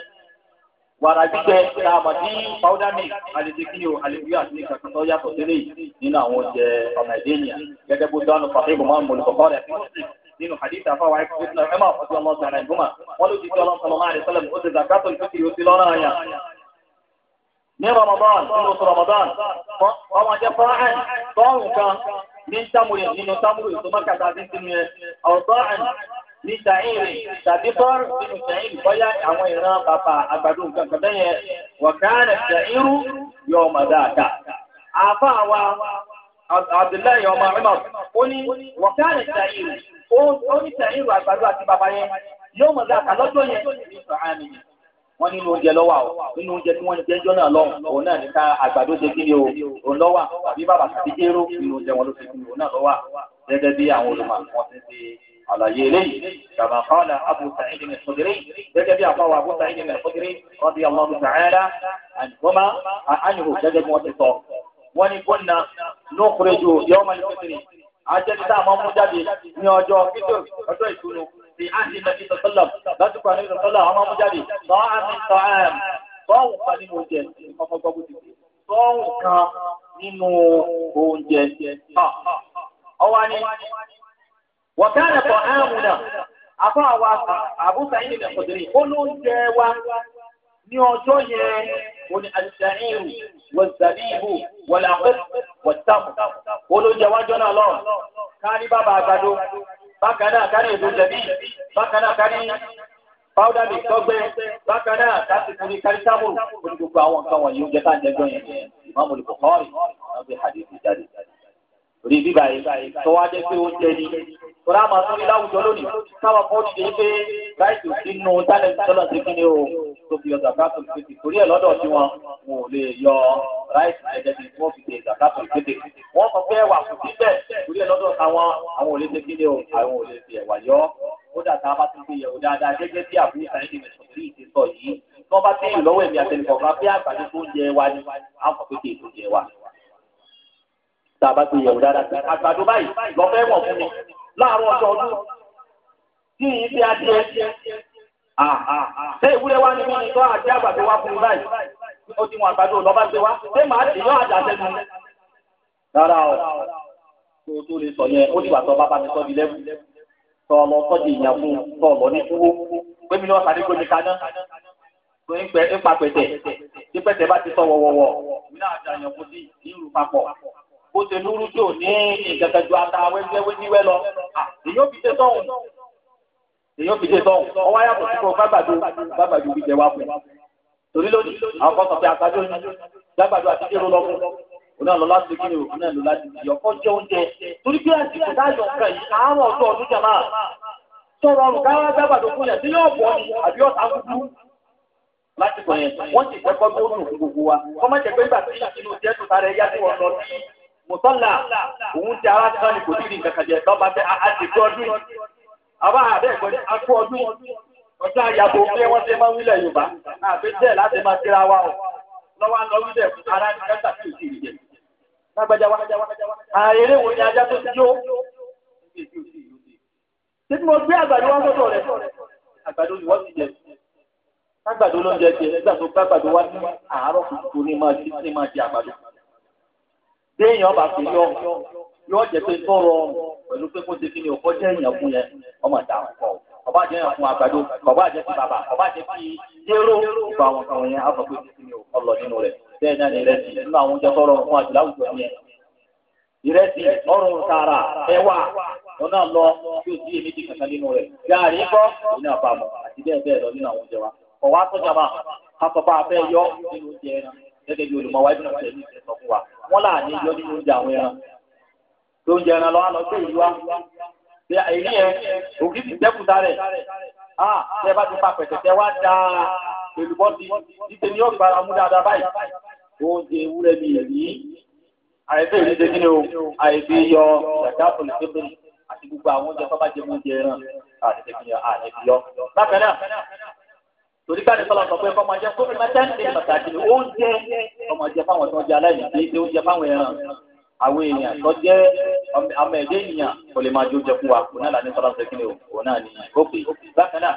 wàrà jíjẹ tá a mọ̀ ní pàwọ́dà mi àlejò kí ni o ya. àti ní kankan tó yàtọ̀ sílẹ̀ yìí nínú àwọn oúnjẹ ọmọ ẹ̀dẹ́ ènìyàn gẹ́gẹ́ bó dánù fàáhí bò máa ń mọ̀lùkọ́ kọ́ rẹ̀ nínú hadith àfáwà ẹ̀kọ́ tó náà ẹ̀mọ́ àfọ́sí ọmọ ọ̀sán ti fi ọlọ́sọ lọ́mọ àrẹ sọ́lẹ̀mù ó ti zakato ìfẹ́kiri ó Ramadan nínú oṣù Ramadan ọmọ jẹ fọ́nrán tọ́rùn kan ní sámúrì nínú sámúrì tó mọ́kàtà sí sínú ẹ̀ ní sàìrì tàbí bọ́ọ̀rù nínú sàìrì bọ́yá àwọn ìran bàbá àgbàdo nǹkan kan bẹ́yẹ wọ̀kánà sàìrù yọ ọmọ dáadáa. àbá wa abdullahi ọmọ ọmọ ó ní wọ̀kánà sàìrì ó ní sàìrì àgbàdo àti bàbá yẹn yọ ọmọ dáadáa lọ́jọ́ yẹn ní sàìrì wọ́n nínú oúnjẹ lọ́wọ́ àwọn nínú oúnjẹ tí wọ́n ń jẹ́jọ́ náà lọ́wọ́ òun náà ní ká àgbàdo ṣe kí ni o òun lọ́wọ́ àbí bàbà tàbí jéró nínú oúnjẹ wọn ló ṣe kí ni òun náà lọ́wọ́ gẹ́gẹ́ bí àwọn olùmọ̀ wọn ti ṣe àlàyé eléyìí kàmá kọ́lá abu sa'id ní sọdiri gẹ́gẹ́ bí àfọwọ́ abu sa'id ní sọdiri rọ́bì ọlọ́run sàáyàrá àyùkọ́má àyùkù gẹ́gẹ́ bí wọ́n ti sọ. wọ́n ní kóńnà nùkúrẹ́ ju yọ́ọ́mà ní fẹ́tìrì ajẹ́ni tá a máa mú jáde ní ọjọ́ fídíò ọjọ́ ìtùnú ti áńdí nàbí sọ́sọ́lọ̀ lásìkò àná ìrọ̀sọ́lọ̀ àwọn mú jáde sọ́ọ́ wọ̀kánà kọ̀ áàmùnà àfọ́ àwa àbúta yìí nìkan kọ̀dìrín ó ló ń jẹ wa ní ọjọ́ yẹn ó ní àdìsẹ́yìn wọ zàbíìbù wọlé àpẹ́ wọ̀tàmù ó ló ń lọ kárí bàbá àgbàdo bákan náà kárí èdè jẹ̀bí bákan náà kárí pàwùdà mi tọ́gbẹ́ bákan náà kárí kùnrin kárí sámúrù ó ní gbogbo àwọn nǹkan wọ̀nyí ó jẹ́ ká ń jẹ́gbọ́n yẹn ìmọ̀ àmọ̀lùkọ́ kọ́ọ̀rì náà gbé hadith jáde jáde rí bíbá yìí tó wá jẹ́ pé ó jẹ́ ní. Kọ́lá máa tún ní láwùjọ lónìí táwọn kan dìde pé láìsí sínú tálẹ̀tì tọ́lọ̀ sí kíni o tó fi yọ zakato ìpèsè torí ẹ̀ lọ́dọ̀ tí wọn wọn ò lè yọ ráìsì ẹ̀jẹ̀ tí wọ́n fi ṣe zakato ìpèsè. Wọ́n sọ pé ẹwà kò síbẹ̀ torí ẹ̀ lọ́dọ̀ táwọn àwọn ò lè ṣe kíni o àwọn ò lè fi ẹ̀wà yọ. Ó dà tá a bá ti fi yẹ̀wò dáadáa gẹ́gẹ́ bí àbúrò sàyẹ́dì mẹ̀sọ̀rí ti tá a bá gbé yẹ̀wò dáadáa àgbàdo báyìí lọ́fẹ́ wọ̀ fún mi láàárọ̀ ọjọ́ ọdún tí yìí fi adìẹ ṣé ìwúrẹ́ wa ní mímí tó àti àgbàdo wa fún mi báyìí ó ti wọn àgbàdo lọ́ba gbé wa ṣé màá sì yọ àjà sẹ́nu mi. rárá o tó tó lè sọ yẹn ó ní wàá sọ bàbá mi sọ di lẹ́wù sọ lọ sọ́jì ìyàn fún sọ lọ ní kúwó pé mi ní wọ́n sáré gbé kaná tó ń pẹ́ ń bá ti sọ wọ̀wọ̀wọ̀ mi náà àjà yàn sí ìlú papọ̀ bó ṣe lúrú tí ò ní ìgbàgbẹ́jọ ata wẹ́wẹ́wẹ́níwẹ́ lọ ah, èyí ò fi ṣe sọ́hùn èyí ò fi ṣe sọ́hùn ọwọ́ ayàpọ̀ sí fún gbàgbàdo gbàgbàdo fi jẹ wá fún torí lónìí àwọn kan sọ pé àgbàdo ní gbàgbàdo àti kéro lọ fún òun náà lọ láti kí ni òun náà lọ láti kí ọkọ jẹ oúnjẹ torí pé àsìkò táyọ̀ nǹkan yìí àárọ̀ ọjọ́ ọdún jẹ máa sọ̀rọ̀ ọ̀rùn káwá gbàgbàdo fún yẹn tí yóò gbogbo wa kọ́ má pé gbà tí ìṣinú jẹ́ tó tara ẹ̀ yá sí wọn lọ sí mùsọ́là òun ti ara kan ní kò ní nǹkan kan jẹ lọ́ba tẹ àdìgbò ọdún àbá àbẹ́ẹ̀kọ́ ní akú ọdún ọjọ́ àyàbò pé wọ́n ti máa ń wílẹ̀ Yorùbá àbí tẹ̀ láti máa tẹ́ra wa o lọ́wọ́ àná wílẹ̀ fún ara ní kẹta tí ò sì rí jẹ lágbájá wa àìrè wo ni ajá tó ti jó títí mo gbé àgbàdo wá sọ́dọ̀ rẹ̀ àgbàdo ni wọ́n ti jẹ àgbàdo ló ń jẹ tiẹ̀ nígbà tó gbàgbàdo wá ní àárọ̀ kùtù téèyàn ọba fi yọ yọ jẹ pé tọrọ pẹ̀lú pé kó ṣe kí ni ọkọ jẹ èèyàn fún yẹn ọmọ ọkọ ọba jẹ èèyàn fún àgbàdo ọba jẹ fún bàbà ọba jẹ fún yẹrọ ìgbà àwọn kan yẹn pé ni ọlọ nínú rẹ náà ni ìrẹsì nínú àwọn oúnjẹ fún àjùlá gẹ́gẹ́ bí olùmọ̀ wáyé náà tẹ̀lé ìṣẹ́ sọ fún wa wọ́n là ní yọ nínú oúnjẹ àwọn ẹran tó oúnjẹ ẹran lọ́wọ́ lọ sí èyí wá ṣe èyí yẹn òkè ti dẹ́kun dárẹ̀ a ṣe bá ti pa pẹ̀tẹ̀ tẹ wá da olùbọ́ ti títẹ ní ọ̀gbà amú dáadáa báyìí oúnjẹ ewúrẹ́ mi yìí àìsí èyí ṣe kí ni o àìsí yọ ṣàkà pòlìtẹ́pẹ̀lì àti gbogbo àwọn oúnjẹ tó bá jẹ oúnjẹ ẹran àti àìsí yọ torí káàdì sọlá sọ pé ọmọ jẹ kó ẹmẹ tẹ́ǹtì pàtàkì ni ó jẹ ọmọ jẹ fáwọn tó ń jẹ aláìní kì í ṣe ó jẹ fáwọn ẹran àwọn èèyàn tó jẹ ọmọ ẹdẹ ènìyàn kò lè máa jó jẹ fún wa kò náà lànà sọlá sọ kíni o kò náà ní òkè bákan náà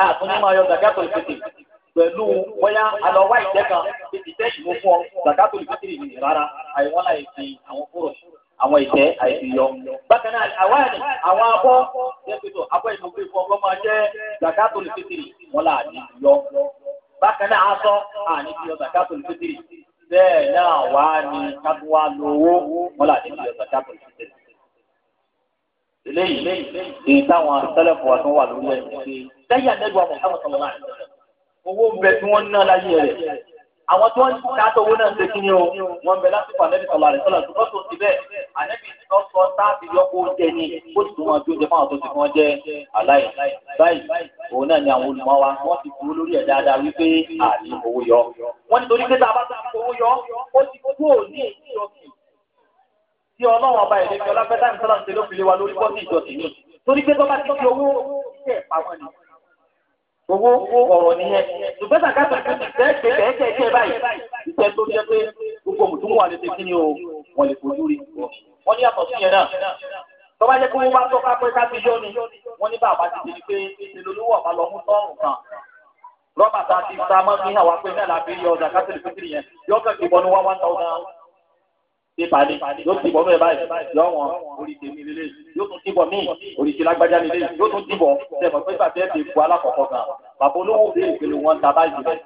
a tún ní máa yọ zakato ìfètè pẹ̀lú bóyá alọ́wá ìjẹ́ kan ìfẹ́ ìmú fún ọ zakato ìfètè rárá àìwọ́n láì fi àwọn fúrọ̀ àwọn ìtẹ́ àìsíyọ. bákan náà àwáàdì àwọn abọ́ jẹ́pẹ̀tọ̀ abọ́ ìmọ̀gbé fún ọgbọ́n máa jẹ́ zakato lè fitiri wọn là ní yọ. bákan náà aṣọ àní ti yọ zakato lè fitiri bẹ́ẹ̀ náà wà ní kápẹ́wá lówó wọn là ní yọ zakato lè eléyìí èyí táwọn sẹlẹ̀fù wa tó wà lórí ẹ̀ ṣe lẹ́yìn àdẹ́gbà mọ̀ káwọn sọ̀rọ̀ náà owó ń tí wọ́n ná láyé rẹ̀ àwọn tí wọ́n ń ta tówó náà ṣe kíni o wọ́n bẹ lásìkò ànẹ́bí sọ̀rọ̀ àrẹ sọ̀rọ̀ tó tó ti bẹ́ẹ̀ ànẹ́bí sọ sọ sáàbì yọkọ oúnjẹ ni ó sì tún wọn bí oúnjẹ fáwọn tó ti fún wọn jẹ aláì báyìí òun náà ni àwọn olùmọ̀ wa wọ́n ti fún olórí ẹ̀ dáadáa wípé àní owó yọ wọ́n nítorí pé tá a bá tó owó yọ ó ti kú òní ìjọsìn tí ọlọ́run ọba ìlẹ́fẹ́ ọlápẹ́tà ìṣọ́lá ń tẹ́lẹ̀ òfin lé wa lórí bọ́ọ̀sì ìjọsìn ni torí pé tó bá ti fi owó iṣẹ́ ìpamọ́ ni owó ọ̀rọ̀ nìyẹn ṣùgbọ́n sàkàtà tẹ́ẹ̀tẹ́ tẹ́ẹ̀tẹ́ tẹ́ báyìí ìtẹ́ tó jẹ́ pé gbogbo mùtúmù wà lẹ́sẹ̀ kí ni o wọ́n lè fojú rí wọ́n ní àtọ̀ sí yẹn náà tọ́ba jẹ́ pé wọ́n bá tọ́ka pé ká ti yọ ni wọ́n ní bàbá ti di pé ìṣèlú olówó ọ̀bá lọ mú tọ́ọ̀rùn kan rọ́bà tá a ti ta mọ́ fi hàn wá pé náà làbí yọ ọ̀dà kátólì fitiri yẹn yọ pípadé yóò ti bọ̀ mẹ́ẹ̀ báyìí yọ wọn orí tèmi lélẹ̀ yóò tún ti bọ̀ míì orí ti lágbájá lélẹ̀ yóò tún ti bọ̀ sẹ́fọ̀ pé bàtẹ́ ti bu alákọ̀ọ́kọ́ kan bàbá olówó bí ìpele wọn ta báyìí rẹ̀ ṣébí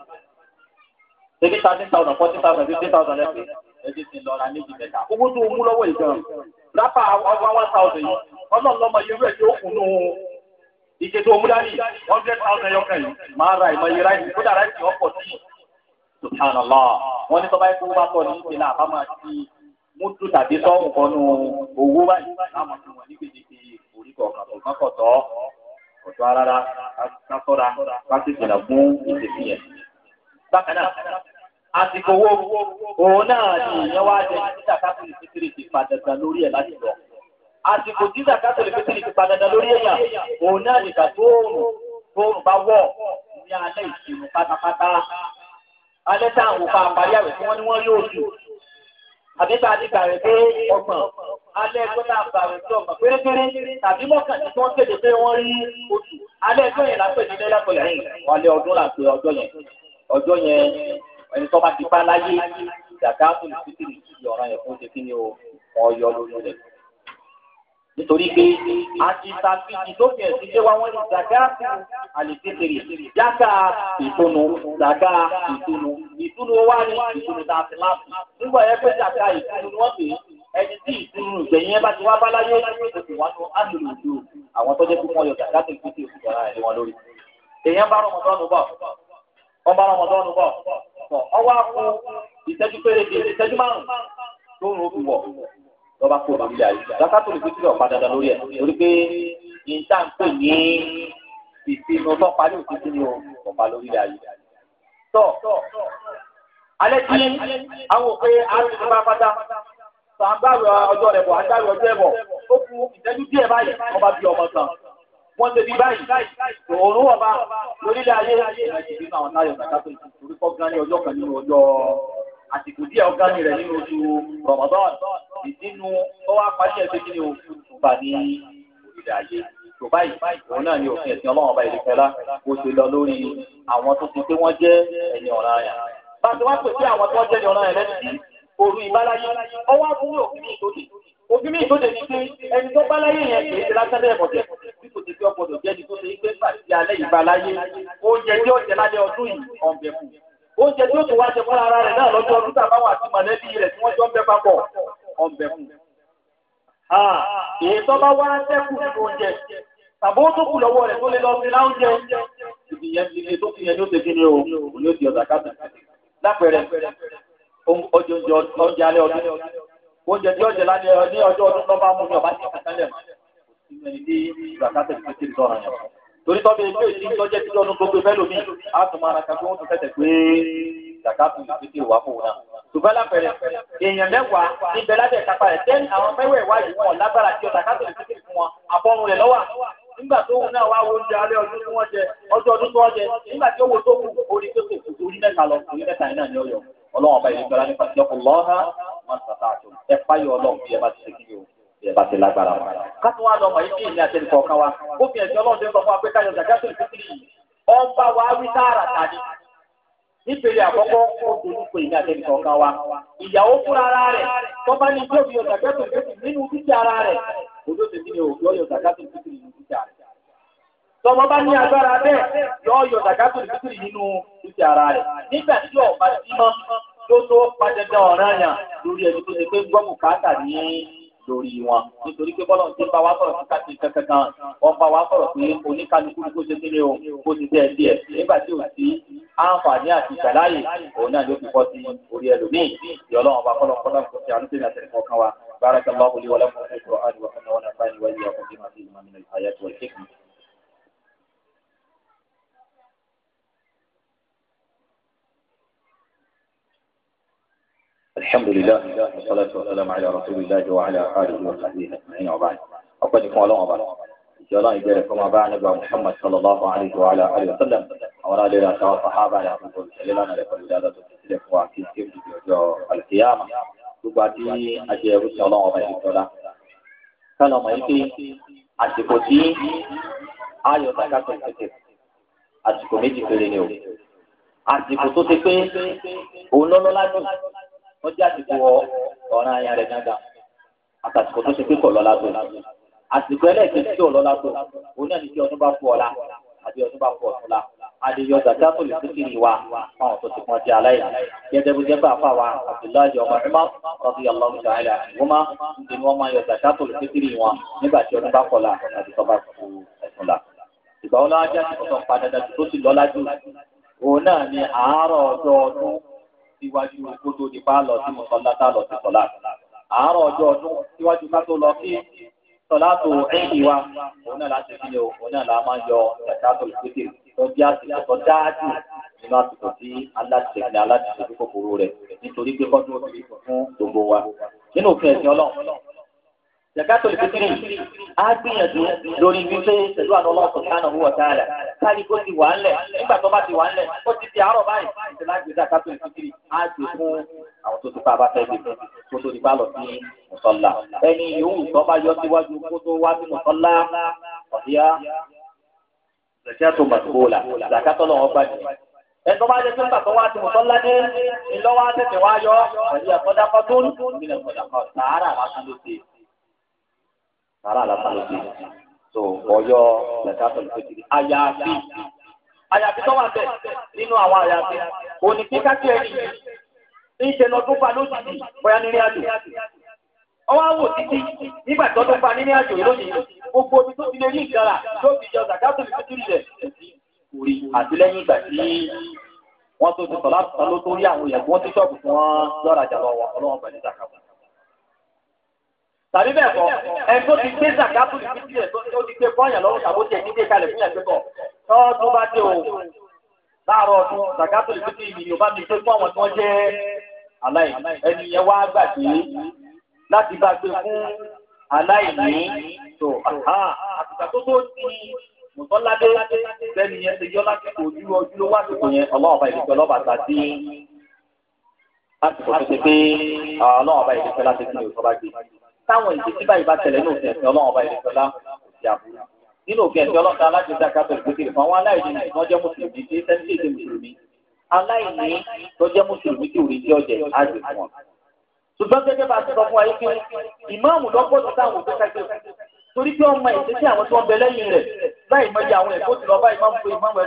thirty thousand forty thousand fifty thousand lẹ́pẹ́ ẹ̀jẹ̀ ti lọ́ra méjì mẹ́ta owó tó mú lọ́wọ́ yìí ọlọ́run lọ́mọ yorùbá yóò kùnú yìí máa ra yìí ráìsì kódà ráìsì subhanallah wọn ní sọ báyìí kó wá ní ìpínlẹ̀ àbámọ̀ àti mútu tàbí sọ́hùn kan nu owó báyìí láwọn tí wọ́n ní gbèdéke orí kọ̀ọ̀kan tó kán kọ̀tọ́ kọ̀tọ́ rárá kásọ́ra kásìkìlà fún ìṣèlú yẹn. bákan náà àsìkò owó òun náà ni ìyẹn wá jẹ títà kátólì fitiri ti pa dandan lórí ẹ̀ láti lọ. àsìkò títà kátólì fitiri ti pa dandan lórí ẹ̀yà òun náà nìgbà tóòrùn tóòrùn bá wọ̀ ní alẹ́ ìṣirò pátápátá alẹ́ táwọn òkà àpárí àwẹ̀ tí wọ́n ní wọ́n yóò sùn àbíta àdìgbà rẹ̀ pé ọgbọ̀n alẹ́ ẹgbẹ́ náà gbà rẹ̀ tó ọgbọ̀n pérépéré tàbí mọ́kànlá tí wọ́n kéde pé wọ́n rí oṣù alẹ́ ẹgbẹ́ yẹn lápẹ̀ ní lẹ́lẹ́pọ̀ yẹn wọ́n lé ọdún làpẹ ọjọ́ yẹn ọjọ́ yẹn ẹni tó bá ti bá láyé ìdàgbàsóòlù títì ọ̀ràn yẹn fún ṣe kí ni o ọ̀yọ́ lórí rẹ̀ nítorí pé àti ìtàkìtì tó kẹ̀ sí pé wọ́n ní zaka àlèkéterè zaka ìtùnú zaka ìtùnú ìtùnú wá ní ìtùnú tá a fi máa fi nígbà yẹn pé zaka ìtùnú ni wọ́n pè é ẹni tí ìtùnú ìgbẹ̀yìn yẹn bá ti wá báláyé ó sì wá tó ánìlò òjò àwọn tó jẹ́ pé wọ́n yọ zaka tó kí tí òkú yàrá ẹ̀ wọn lórí. èèyàn bá rọmọdọ́nù bọ̀ wọ́n bá rọmọdọ́nù bọ̀ ọwọ́ àpò ìtẹ́jú péréje ìtẹ́jú márùn-ún tó ń lọ́ba kó omi ilé àyíká lọ́sàtò lè pété ọ̀pá dandan lórí ẹ̀ torí pé níta ń pè ní ìsinmi ọtọ́ parí òtítí ni ọ̀pá lórí ilé àyíká. tọ́ alẹ́ tí àwọn òpin arúgbó bá pátá sọ agbára ọjọ́ rẹ̀ bọ̀ agbára ọjọ́ rẹ̀ bọ̀ ó kú ìtẹ́jú díẹ̀ báyìí wọ́n bá ọmọ kan wọ́n ti di báyìí òórùn ọba lórílẹ̀ ayé ìrìnàjò náà àsìkò díẹ̀ ọ̀gá mi rẹ̀ nínú oṣù Ramadan ìdínú ó wá parí ẹ̀ pékin ní oṣù tùbà ní orílẹ̀ ayé tó báyìí òun náà ni òfin ẹ̀sìn ọlọ́run ọba ìlú fẹ́lá kó ṣe lọ lórí àwọn tó ti pé wọ́n jẹ́ ẹni ọ̀ràn àyà. bàtí wọ́n pè sí àwọn tó jẹ́ ẹni ọ̀ràn àyà lẹ́sìn òru ìbáláyé ọwọ́ àbúrò òfin mi ìtòdì òfin mi ìtòdì ni pé ẹni tó báláyé yẹn kì í ṣe lásán ẹ̀kọ́tẹ̀ bí kò ti fi ọgbọ́dọ̀ jẹ́ni tó ṣe é pé pàṣẹ alẹ́ oúnjẹ tí ó ti wá jẹ fún ara rẹ̀ náà lọ́jọ́ ọdún tàbá wà sí mọ̀lẹ́bí rẹ̀ tí wọ́n jọ ń bẹ papọ̀ ọ̀bẹ fún un. èyí tó bá wá dẹ́kù nínú oúnjẹ tàbí ó tó kù lọ́wọ́ rẹ̀ tó lè lọ sí láúnjẹ ìdìyẹn ti lè tó fi yẹn ní ó ṣe kíni o ní ó ti ọ̀dà káàtà. lápẹẹrẹ ọjọ́ oúnjẹ alẹ́ ọdún oúnjẹ tí ọjọ́ lálẹ́ ní ọjọ́ ọdún lọ́ torí tọ́ bẹ pé èyí tọ́jẹ́ tí lọ́nu gbogbo fẹ́ lómi á tún máa raka pé wọ́n tún fẹ́tẹ̀ pé zakatu ìfiti wà fún wọn. ṣùgbọ́n lápẹ̀rẹ̀ èèyàn mẹ́wàá níbẹ̀ lábẹ́ kápá rẹ̀ tẹ́ni àwọn mẹ́wẹ̀ẹ̀wá yìí wọn lágbára tí zakatu ìfiti fún wọn àfọ̀rùn rẹ̀ lọ́wọ́ nígbà tó wù náà wá wo oúnjẹ alẹ́ ọdún tí wọ́n jẹ ọjọ́ ọdún tí wọ́n jẹ nígbà tí ó wo tó kù orí tó kù orí mẹ́ta lọ orí mẹ́ta yìí náà ni ó yọ ọlọ́run ọba ìlú gbọ́dá nípa tí ọkùnrin lọ́ha máa ń sàtà àjò ẹ páyọ̀ ọlọ́run bí ẹ bá ti ṣe kí o ẹ bá ti lágbára wa. kátó wa lọ mọ̀ yìí bí ìní àtẹnì kọ̀ọ̀kan wa ó fi ẹ̀sìn ọlọ́run tó ń sọ fún wa pé káyọ̀ zakato ìfitiri yìí ọ ń bá wa wí sáàrà tani. nípele àkọ́kọ́ ó dojú pé ìní àtẹnì kọ̀ọ̀kan wa. ìyàwó fúnra ara rẹ̀ tọ́ba ní ìjọba yọ zakato ìfitiri nínú dúkìá ara rẹ̀ òjò tèmi ni òjò yọ zakato ìfitiri nínú dúkìá rẹ̀. tọmọ bá ní agbára bẹ́ẹ̀ yọ yọ zakato ìfitiri nínú dúkìá ara rẹ̀ nígbà tí ọ̀pá símọ́ tó tó pàjẹ́dẹ́ ọ̀ràn yàn lórí ẹni tó ṣe pé gbọ́mù káàtà lórí wọn nítorí pé bọ́lá ti bá wa sọ̀rọ̀ síta ti kankan wọ́n bá wa sọ̀rọ̀ pé oníkanukú kó ṣe kéde o kó ti tẹ̀ díẹ̀ nígbà tí o ti àǹfààní àti ìgbàláyè òun náà yóò fi bọ́ sí orí ẹlòmíì ìyọ́ ọlọ́run bá kọ́lọ́ kọ́lọ́ kó ti àánú sílẹ̀ àtẹ̀kọ́ kan wa bárakàlá olúwọlé fún ọkọ̀ àdìwọ̀ fún ọ̀nà fáìlì wáyé ọkọ̀ bí الحمد لله والصلاة والسلام على رسول الله وعلى آله وصحبه أجمعين وبعد أقول لكم الله وبعد إن شاء الله يجعلك وما بعد نبي محمد صلى الله عليه وعلى آله وسلم أولا لله شاء الصحابة يا رسول الله لنا لكم إجازة تسلك وعكيس كيف القيامة gbogbo àti àṣeyẹrù sí ọlọ́run ọba ìdíjọ́lá kálọ̀ mọ̀ yìí pé àsìkò tí ayọ̀ sàkà tó tètè àsìkò méjì péré ni o àsìkò tó ti ó jẹ́ àsìkò ọ̀ràn ayé rẹ̀ gángan àtàsìkò tó ṣe pé kò lọ́la tó àsìkò ẹlẹ́ẹ̀kejì tí ò lọ́la tó òun náà ní kí ọdún bá fún ọ̀la àbí ọdún bá fún ọ̀túnla adéyọ gàdá tó lè tún kiri wa fáwọn tó ti pọn ti aláìlá gẹ́gẹ́ bó jẹ́ pé àfa wa abdullahi ọmọ ẹmọ rọbì ọlọ́run ṣàlẹ àtìwọmọ níbi ni wọn máa yọ gàdá tó lè tún kiri wọn nígbà tí ọdún bá kọlà àti tọba kú ẹsùn la ìgbà wọn lọ ajá ti kọsọ padà dàtú tó ti lọ lájú òun náà ni àárọ̀ ọjọ́ ọdún síwájú kó tó di pa lọ sí mọ̀sánlá tá lọ sí sọ̀lá. àárọ̀ ọjọ́ ọdún síwájú ká tó lọ sí sọ̀lá tó ẹ̀yìn wa òun náà láti fi òun náà la máa yọ ẹ̀ka tó ìpèsè tó bí àsìkò tó dáájú nínú àsìkò tí aláṣẹ ní aláṣẹ tó kòkòrò rẹ̀ nítorí pé kọ́ńtò ó ti fún gbogbo wa nínú òfin ẹ̀sìn ọlọ́run zakato ìfitiri á gbìyànjú lórí wípé pẹ̀lú àwọn ọlọ́run sọ̀tánà owó ọ̀tá rẹ̀ káyí kó ti wà ńlẹ̀ nígbà tó bá ti wà ńlẹ̀ ó ti di àárọ̀ báyìí ìṣẹ̀lá gbé zakato ìfitiri á gbé fún àwọn tó ti pa abáfẹ́ gbé fún kó tó di bá lọ sí mùsọ̀lá ẹni yòówù tó bá yọ síwájú kó tó wá sí mùsọ̀lá ọ̀díyá zakato màtúbọ̀là zakato lọ́wọ́ gbàdúrà ẹtọ́ bá yẹ kí nígbà tó wá ti mọ̀tọ́ ládé ńlọ́wọ́ á tètè yọ pẹ̀lú ẹ̀kọ́dákọ́ tó sàrà àlàfàlùfẹ tó ọyọ lẹkàtọ lùfẹtìrì àyàfi àyàfi tó wà bẹ́ẹ̀ nínú àwọn àyàfi òní kíkà tí ẹ yìí ní ìṣẹ̀lẹ̀ ọdún pa lójijì bóyá nílé àjò ọwọ́ àwò títí nígbà tó tó pa nílé àjò lónìí gbogbo omi tó ti lè rí ìjọra tó fi jọ zakato lùfẹtìrì rẹ kùrì àtìlẹ́yìn ìgbà tí wọn tó ti sọ láti sọ lótórí àwọn ìyàgbọ́n tí ṣọ́ọ̀bù fún wọn lọ́ra jà lọ́wọ́ ọlọ́wọ́n pẹ̀lú zakato tàbí bẹ́ẹ̀ kọ́ ẹni tó ti gbé zakato ní títí ẹ̀ tó ti gbé fọ́ọ̀yàn lọ́wọ́ tàbó tiẹ̀ ní gbé kalẹ̀ fún ẹ̀gbẹ́ kọ́ tọ́ọ̀tún bá dé o láàárọ̀ ọdún zakato ní títí o yorùbá mi tó fún àwọn tí wọ́n jẹ́ aláìní ẹni yẹn wá gbàgbé láti bá gbé fún aláìní tó àtìgbà tó tó ti mùsọ́ládé lẹ́nu yẹn ti yọ láti kò ojú ojú ló wá àsìkò yẹn ọlọ́ọ̀bá ìdíkẹ́ ọlọ́ọ̀bá ta sí àsìkò tó ti pé ọlọ́ọ̀bá ìdíkẹ́ láti kí ni òṣọ́bá gbé táwọn ìdí tí báyìí bá tẹ̀lé ní òfin ẹ̀sìn ọlọ́run ọba ìrẹsọ́lá kò sí àbúrò nínú òfin ẹ̀sìn ọlọ́run tá aláṣẹ dá kátó ìgbésí rẹ̀ fún àwọn aláìní tí wọ́n jẹ́ mùsùlùmí tí sẹ́ńtì èdè mùsùlùmí aláìní tó jẹ́ mùsùlùmí tí òrìṣẹ́ ọ̀jẹ̀ á dì fún wọn. ṣùgbọ́n gẹ́gẹ́ bá a ti sọ fún wa yìí pé ìmáàmù lọ́pọ̀ tó táwọn òfin ká torí pé ọmọ ẹ̀sẹ̀ tí àwọn tí wọ́n bẹ lẹ́yìn rẹ̀ láì mọ iye àwọn ẹ̀kọ́ tí lọ bá ìmáàmù pé ìmáàmù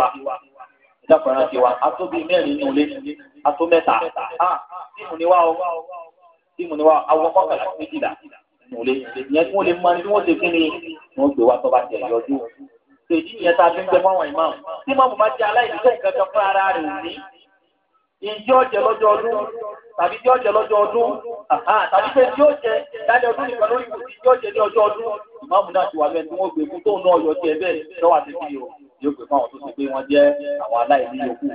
ẹ̀dá dákọ̀ọ́rán ti wa ató bíi mẹ́rin ní ilé ató mẹ́ta a tíìmù ni wá o tíìmù ni wá awọ kọkànlá méjìlá ní ilé ìyẹn tí wọ́n lè máa ní wọ́n ṣe kí ni wọ́n gbé wa tó bá tẹ̀ yọjú èyí yẹn tá a fi ń gbẹ fáwọn ìmáàmù tí mọ́mù bá jẹ́ aláìníṣẹ́ nǹkan kan fún ara rẹ̀ ní ìjọ jẹ lọ́jọ́ ọdún tàbí jọ jẹ lọ́jọ́ ọdún tàbí pé tí ó jẹ dáadé ọdún nìkan lórí kùtì jọ jẹ ní ọjọ́ ọdún ìmáàmù náà ti wà bẹ́ẹ̀ tí wọ́n gbé fún tóun náà yọ jẹ bẹ́ẹ̀ lọ́wọ́ àti fi hàn yóò pè fún àwọn tó ṣe pé wọ́n jẹ́ àwọn aláìní yòókù.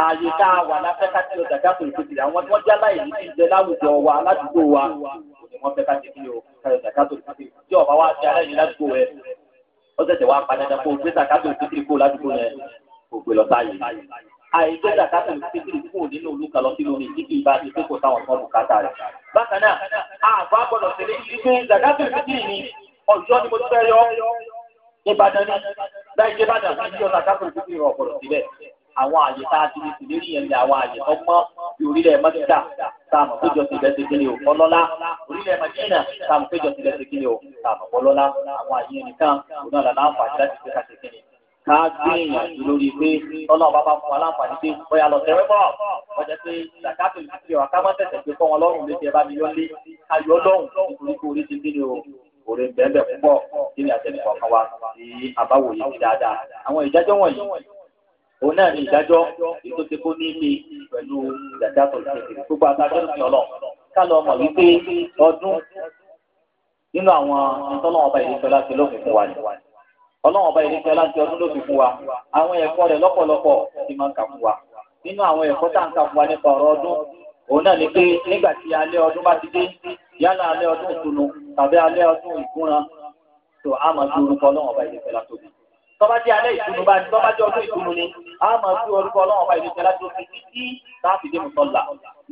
ààyè tá a wà láfẹ́ká tí ọjà ká tòlù fìtìrì àwọn tí wọ́n jẹ́ aláìní ti jẹ láwùjọ wa aládùúgbò wa kò ní wọ́n fẹ́ ká kí o ká ọjà ká tòlù fìtìrì tí ọba wa ti aláìní ládùúgbò rẹ ó tẹ̀sẹ̀ wá padà dá kó o gbé sàkátò fìtìrì kó ládùúgbò rẹ kò gbé lọ sáyé àìgbé zakatu fitiri kúrò nínú olú kan Ìbàdàn ní báyìí ṣe bàdàn ní ìjọba kákùn tó fi rọ̀ ọ̀pọ̀lọ̀ síbẹ̀. Àwọn àyè tá a ti ní sílé yẹn ni àwọn àyè tó mọ́ bí orílẹ̀ Mọ́tíkà táàmù péjọ ti bẹ́ẹ̀ ṣèkínni o ọlọ́lá orílẹ̀ Mọ́tíkà táàmù péjọ ti bẹ́ẹ̀ ṣèkínni o táàmù ọlọ́lá àwọn àyè nìkan òun náà láǹfààní láti fi ká ṣèkínni ká gbé ìyànjú lórí pé ọlọ́run bá bá fún wa láǹfààní pé bóyá lọ tẹ̀wé bọ̀ ọjà pé zakatu ìdíje wa òrè bẹ́ẹ̀ púpọ̀ kí ni àtẹnukọ̀ kan wa sí àbáwòye ti dáadáa àwọn ìdájọ́ wọ̀nyí òun náà ní ìdájọ́ èyí tó ti kó ní ilé pẹ̀lú ìdájọ́ tó ti tẹ̀lé gbogbo adájọ́ ní ọlọ́ ká lọ mọ̀ wípé ọdún nínú àwọn ìtọ́lọ́wọ́n ọba ìdíjọ́ láti lófin fún wa ni ọlọ́wọ́n ọba ìdíjọ́ láti ọdún lófin fún wa àwọn ẹ̀kọ́ rẹ̀ lọ́pọ̀lọpọ̀ ti máa ń kà fún wa nínú àwọn ẹ̀kọ́ tá à ń kà fún wa nípa ọ̀rọ̀ ọdún òun náà ni pé nígbà tí alẹ́ ọdún bá ti dé yálà alẹ́ ọdún ìtùnú tàbí alẹ́ ọdún ìkúnra tó a máa ju orúkọ ọlọ́wọ́n ọba ìdíje látòbí. tọ́ba jẹ́ alẹ́ ìtùnú bá tọ́ba jẹ́ ọdún ìtùnú ni a máa ju orúkọ ọlọ́wọ́n ọba ìdíje látòbí títí láti dé mùsọ́là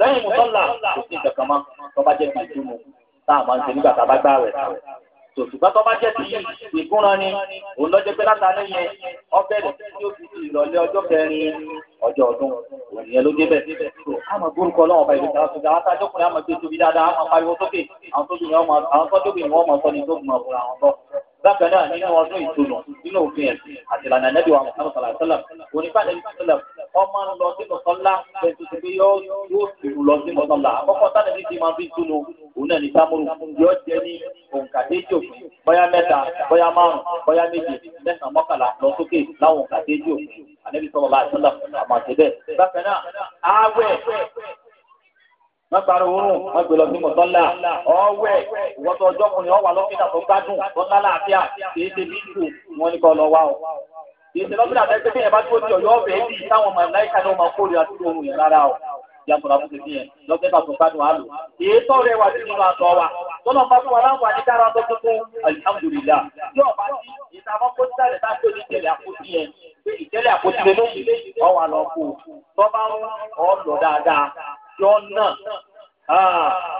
lẹ́yìn mùsọ́là kò sí ìjọ̀kan mọ́ tọ́ba jẹ́ ìtùnú tá a máa ń ṣe nígbà tá a bá gbá rẹ̀ tòṣùgbọ́n tó bá jẹ́ ti ìgúnran ni òun lọ́jọ́ pé látàlẹ́ yẹn ọbẹ̀ rẹ̀ tí ó fi di ìrọ̀lẹ́ ọjọ́ kẹrin ọjọ́ ọdún ònìyẹn ló débẹ̀ tó àmọ́ gbórúkọ náà ọba ìlú tààtù gàrà tá àjọkùnrin àmọ́ gbé tóbi dáadáa àmọ́ pariwo sókè àwọn tó dùn yẹn wọn máa sọ ní tó gbìmọ̀ ọ̀gbọ̀n àwọn bọ̀ bákan náà nínú ọdún ìtòlù nínú òfin ẹ̀sìn àti ìlànà ẹ̀nẹ́bí wa mọ̀sánà sàlà sàlà onífàdé sàlà ọmọ ń lọ sí mọ̀sánlá pẹ̀lú ti pé yóò yóò sùn lọ sí mọ̀sánlá àkọ́kọ́ sáré ní ti máa fi túnu òun náà ní sámúrù yóò jẹ́ ní òǹkà déjì òfin bóyá mẹ́ta bóyá márùn bóyá méje mẹ́sàn-án mọ́kànlá lọ sókè láwọn òǹkà déjì òfin ànẹ́bí wọ́n parí oorun wọ́n gbé lọ sí mọ̀tọ́lá ọ̀wẹ́ ìwọ́tọ̀ ọjọ́ kùnrin ọ̀wà lọ́kítà tó gbádùn tọ́lá láàfíà kìí ṣe bí tù wọ́n ní kọ́ lọ wá o. ìṣe lọ́kítà tẹ́tẹ́ bí yẹn bá dúró ti ọ̀yọ́ ọ̀bẹ ẹ̀dì táwọn màláìka náà máa kórìíra sí oorun yẹn rárá o. yàtọ̀ làbúté sí yẹn lọ́kítà tó gbádùn àlò. èyí tọ́ rẹ wà nínú àtọ̀ wa tọ́lọ́ bá fún wa láǹfààní dára tó tuntun alihamudulilayi yóò bá ní ìtàwọn kó sálẹ̀ bá tó ní tẹ̀lé àkóso yẹn ìtẹ́lẹ̀ yọ náà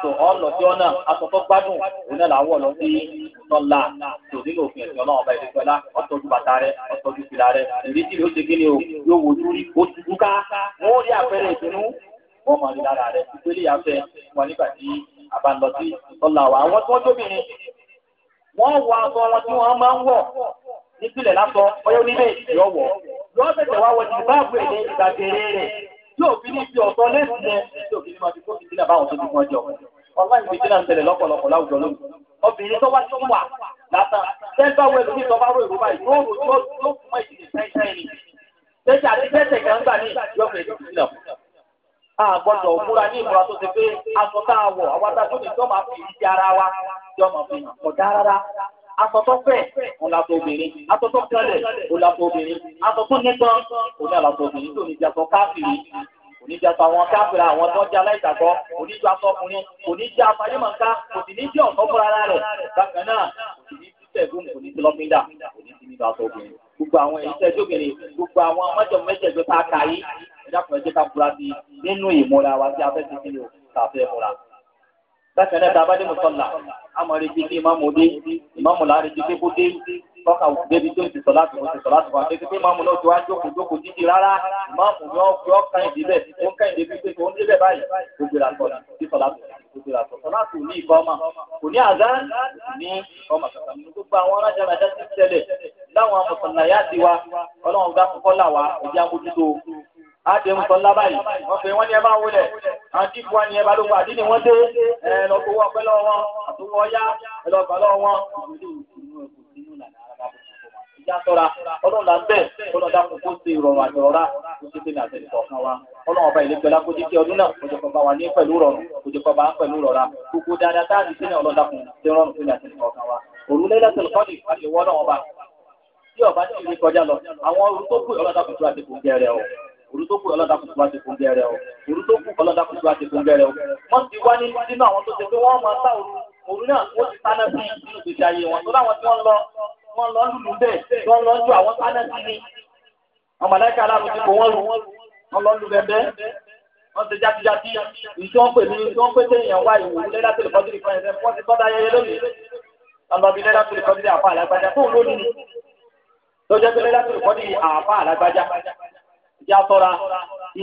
tó ọlọ tí ọ náà aṣọ tó gbádùn òun náà làwọ lọ sí tọ́lá tó nínú òfin ẹ̀sìn ọlọ́run ọba ìdíjọ́ lá ọtọ́jú bàtà rẹ ọtọ́jú fìlà rẹ ìrísí rẹ ó ṣe kíni o yóò wojú rí oṣù dúkà wọn ó rí àpẹẹrẹ ìdùnnú wọn mọ ní lára rẹ ìpele àfẹ wọn nígbà tí a bá ń lọ sí tọ́lá wa àwọn tí wọ́n tóbìnrin wọ́n wọ aṣọ wọn tí wọ́n máa ń wọ̀ nípìnlẹ̀ lásọ ọyọ́ nílé ìyọ̀wọ̀ yọ tí òfin ní ti ọ̀tọ̀ lẹ́sìn yẹn tí òfin ní ma fi kó fìtínà báwọn tó ti mọ jọ ọláyìn fìtínà ṣẹlẹ̀ lọ́pọ̀lọpọ̀ láwùjọ lónìí obìnrin tó wá tó wà látàn tẹ́gbà wo ẹlòmíì tó bá rò ìró yóò rò yóò fún mọ́ ìdílé tẹ́jà tẹ́tẹ̀ kan ní yóò asọ̀tọ̀ fẹ̀ òun la tó obìnrin asọ̀tọ̀ kẹlẹ̀ òun la tó obìnrin asọ̀tọ̀ nígbà òun la tó obìnrin tó níjà sọ káfíìrì oníjà sọ àwọn káfíìrì àwọn tó jẹ́ aláìsàkọ́ oníjà sọ ọkùnrin oníjà afáyémọ̀ká kò sì ní jẹ́ ọ̀tọ̀ fúnra rẹ̀ bákan náà kò sì ní tẹ̀ fún kò ní ti lọ́pìndà kò ní ti ní bá sọ obìnrin gbogbo àwọn iṣẹ́ tóbìnrin gbogbo àwọn mọ́jọ mẹ́jẹ̀ẹ́jọ tá a kà yí ẹ̀jẹ̀ ká bákan náà tábàdé mùsọ̀là amọ̀rẹ́ ti dé ìmáàmù dé ìmáàmù láàrin ti dé kó dé tọ́ka débi tó ń ti sọ̀lá tó ń ti sọ̀lá tó wà pé ìmáàmù náà ti wá jókòó jókòó dídì rárá ìmáàmù yóò fi ọ̀kan ìdíbẹ̀ ó di kàn ìdíbí pé kò ń débẹ̀ báyìí gbogbo ìlàtọ̀ ti sọ̀lá tó gbogbo ìlàtọ̀ sọ̀lá tó ní ìfọ̀ ọmọ kò ní àgá ní ọmọ kàkà nínú gbogbo àwọn rájàrájà ti tẹ̀lẹ̀ láwọn mùsùlùmí àti ń sọlá báyìí wọn pè wọn ní ẹ bá wulẹ àti fún wa ní ẹ bá lóko àti ní wọn dé ẹ lọ kó wọ ọpẹ lọ́wọ́ wọn àtúwọ ọyá ẹ lọ gbà lọ́wọ́ wọn. ìjà sọra ọdún là ń bẹ ọdún dàpọ kó ṣe ìrọ̀rùn àjọrọra kó ṣe tẹmí àtẹnìkọ kan wa Ọlọ́run ọba ìlẹgbẹ la kó jẹ kí ọdún náà kó jẹ kó bá wa ní pẹ̀lú rọ̀rùn kó jẹ kó bá pẹ̀lú rọra gbogbo dáadáa táàbì sílẹ̀ Ọlọ́run dàpọ tẹ rọrùn tẹmí àtẹnìkọ kan wa òrùlé lẹsẹ lọkọdì àti ìwọ náà ọba ọba tí ìrìn olùtókù ọlọ́dàkùn tó bá ti kún gẹ́rẹ́ o olùtókù ọlọ́dàkùn tó bá ti kún gẹ́rẹ́ o wọ́n ti wá nínú àwọn tó ṣe pé wọ́n máa sá òru òru náà wọ́n ti sáná sí nínú ìgbésí ayé wọn tó láwọn tí wọ́n lọ wọ́n lọ lùlù bẹ́ẹ̀ tí wọ́n lọ ju àwọn sáná sí ni àwọn mọ̀lẹ́kà aláàrùn ti kò wọ́n lù wọ́n lọ lù bẹ́ẹ̀ wọ́n ti játijáti ìṣe wọn pè lẹ́dá tẹlifọ́tìrì fún ẹ̀rẹ́ wọ́n ti tọ́ da ayẹyẹ lónìí ọlọ́bí lẹ́dá tó lónìí lọ́jọ́ tó lẹ́dá tẹlifọ́tìrì yá sọ́ra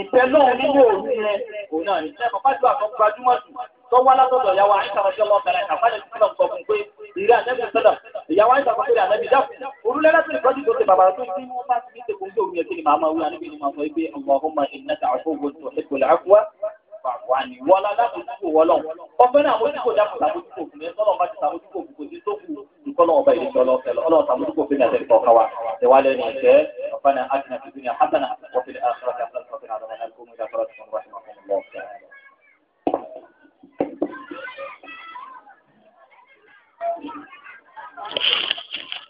ìfẹ́ lọ́hùn nínú òru yẹn òun náà ní sẹ́kọ̀ọ́ fájú àtọ́ gbajúmọ̀ jù tó wá látọ̀dọ̀ ìyàwó àyíká ọjọ́ lọ bẹ̀rẹ̀ àfáàjẹ tó sọ̀rọ̀ sọ fún pé ìrẹ́ ànẹ́bí sọ̀dọ̀ ìyàwó àyíká sọ pé ànẹ́bí dákun òrùlé láti ìtọ́jú tó ṣe bàbá tó ń bí wọ́n bá ti ní ṣe kò ń gbé òun yẹn kí ni màá máa wí ànẹ́bí ni màá sọ pé Allahumma innaka afuwwun tuhibbul afwa wà ní wọlá lábòjúkò wọlọ ọgbẹ náà àbójúkò dákùn sàbójúkò fún mi tọlọ bá ti sàbójúkò fún kò sí tó kù nkọlọ ọba ìdíjọ lọ fẹlẹ ọlọ sàbójúkò fún mi àtẹnukọ ọkọ wa tẹwálẹ ní ìfẹ ọfànà àtìnà fífi ní àhásánà wọfẹ ní àṣọ àti àṣọ àti àṣọ àṣọ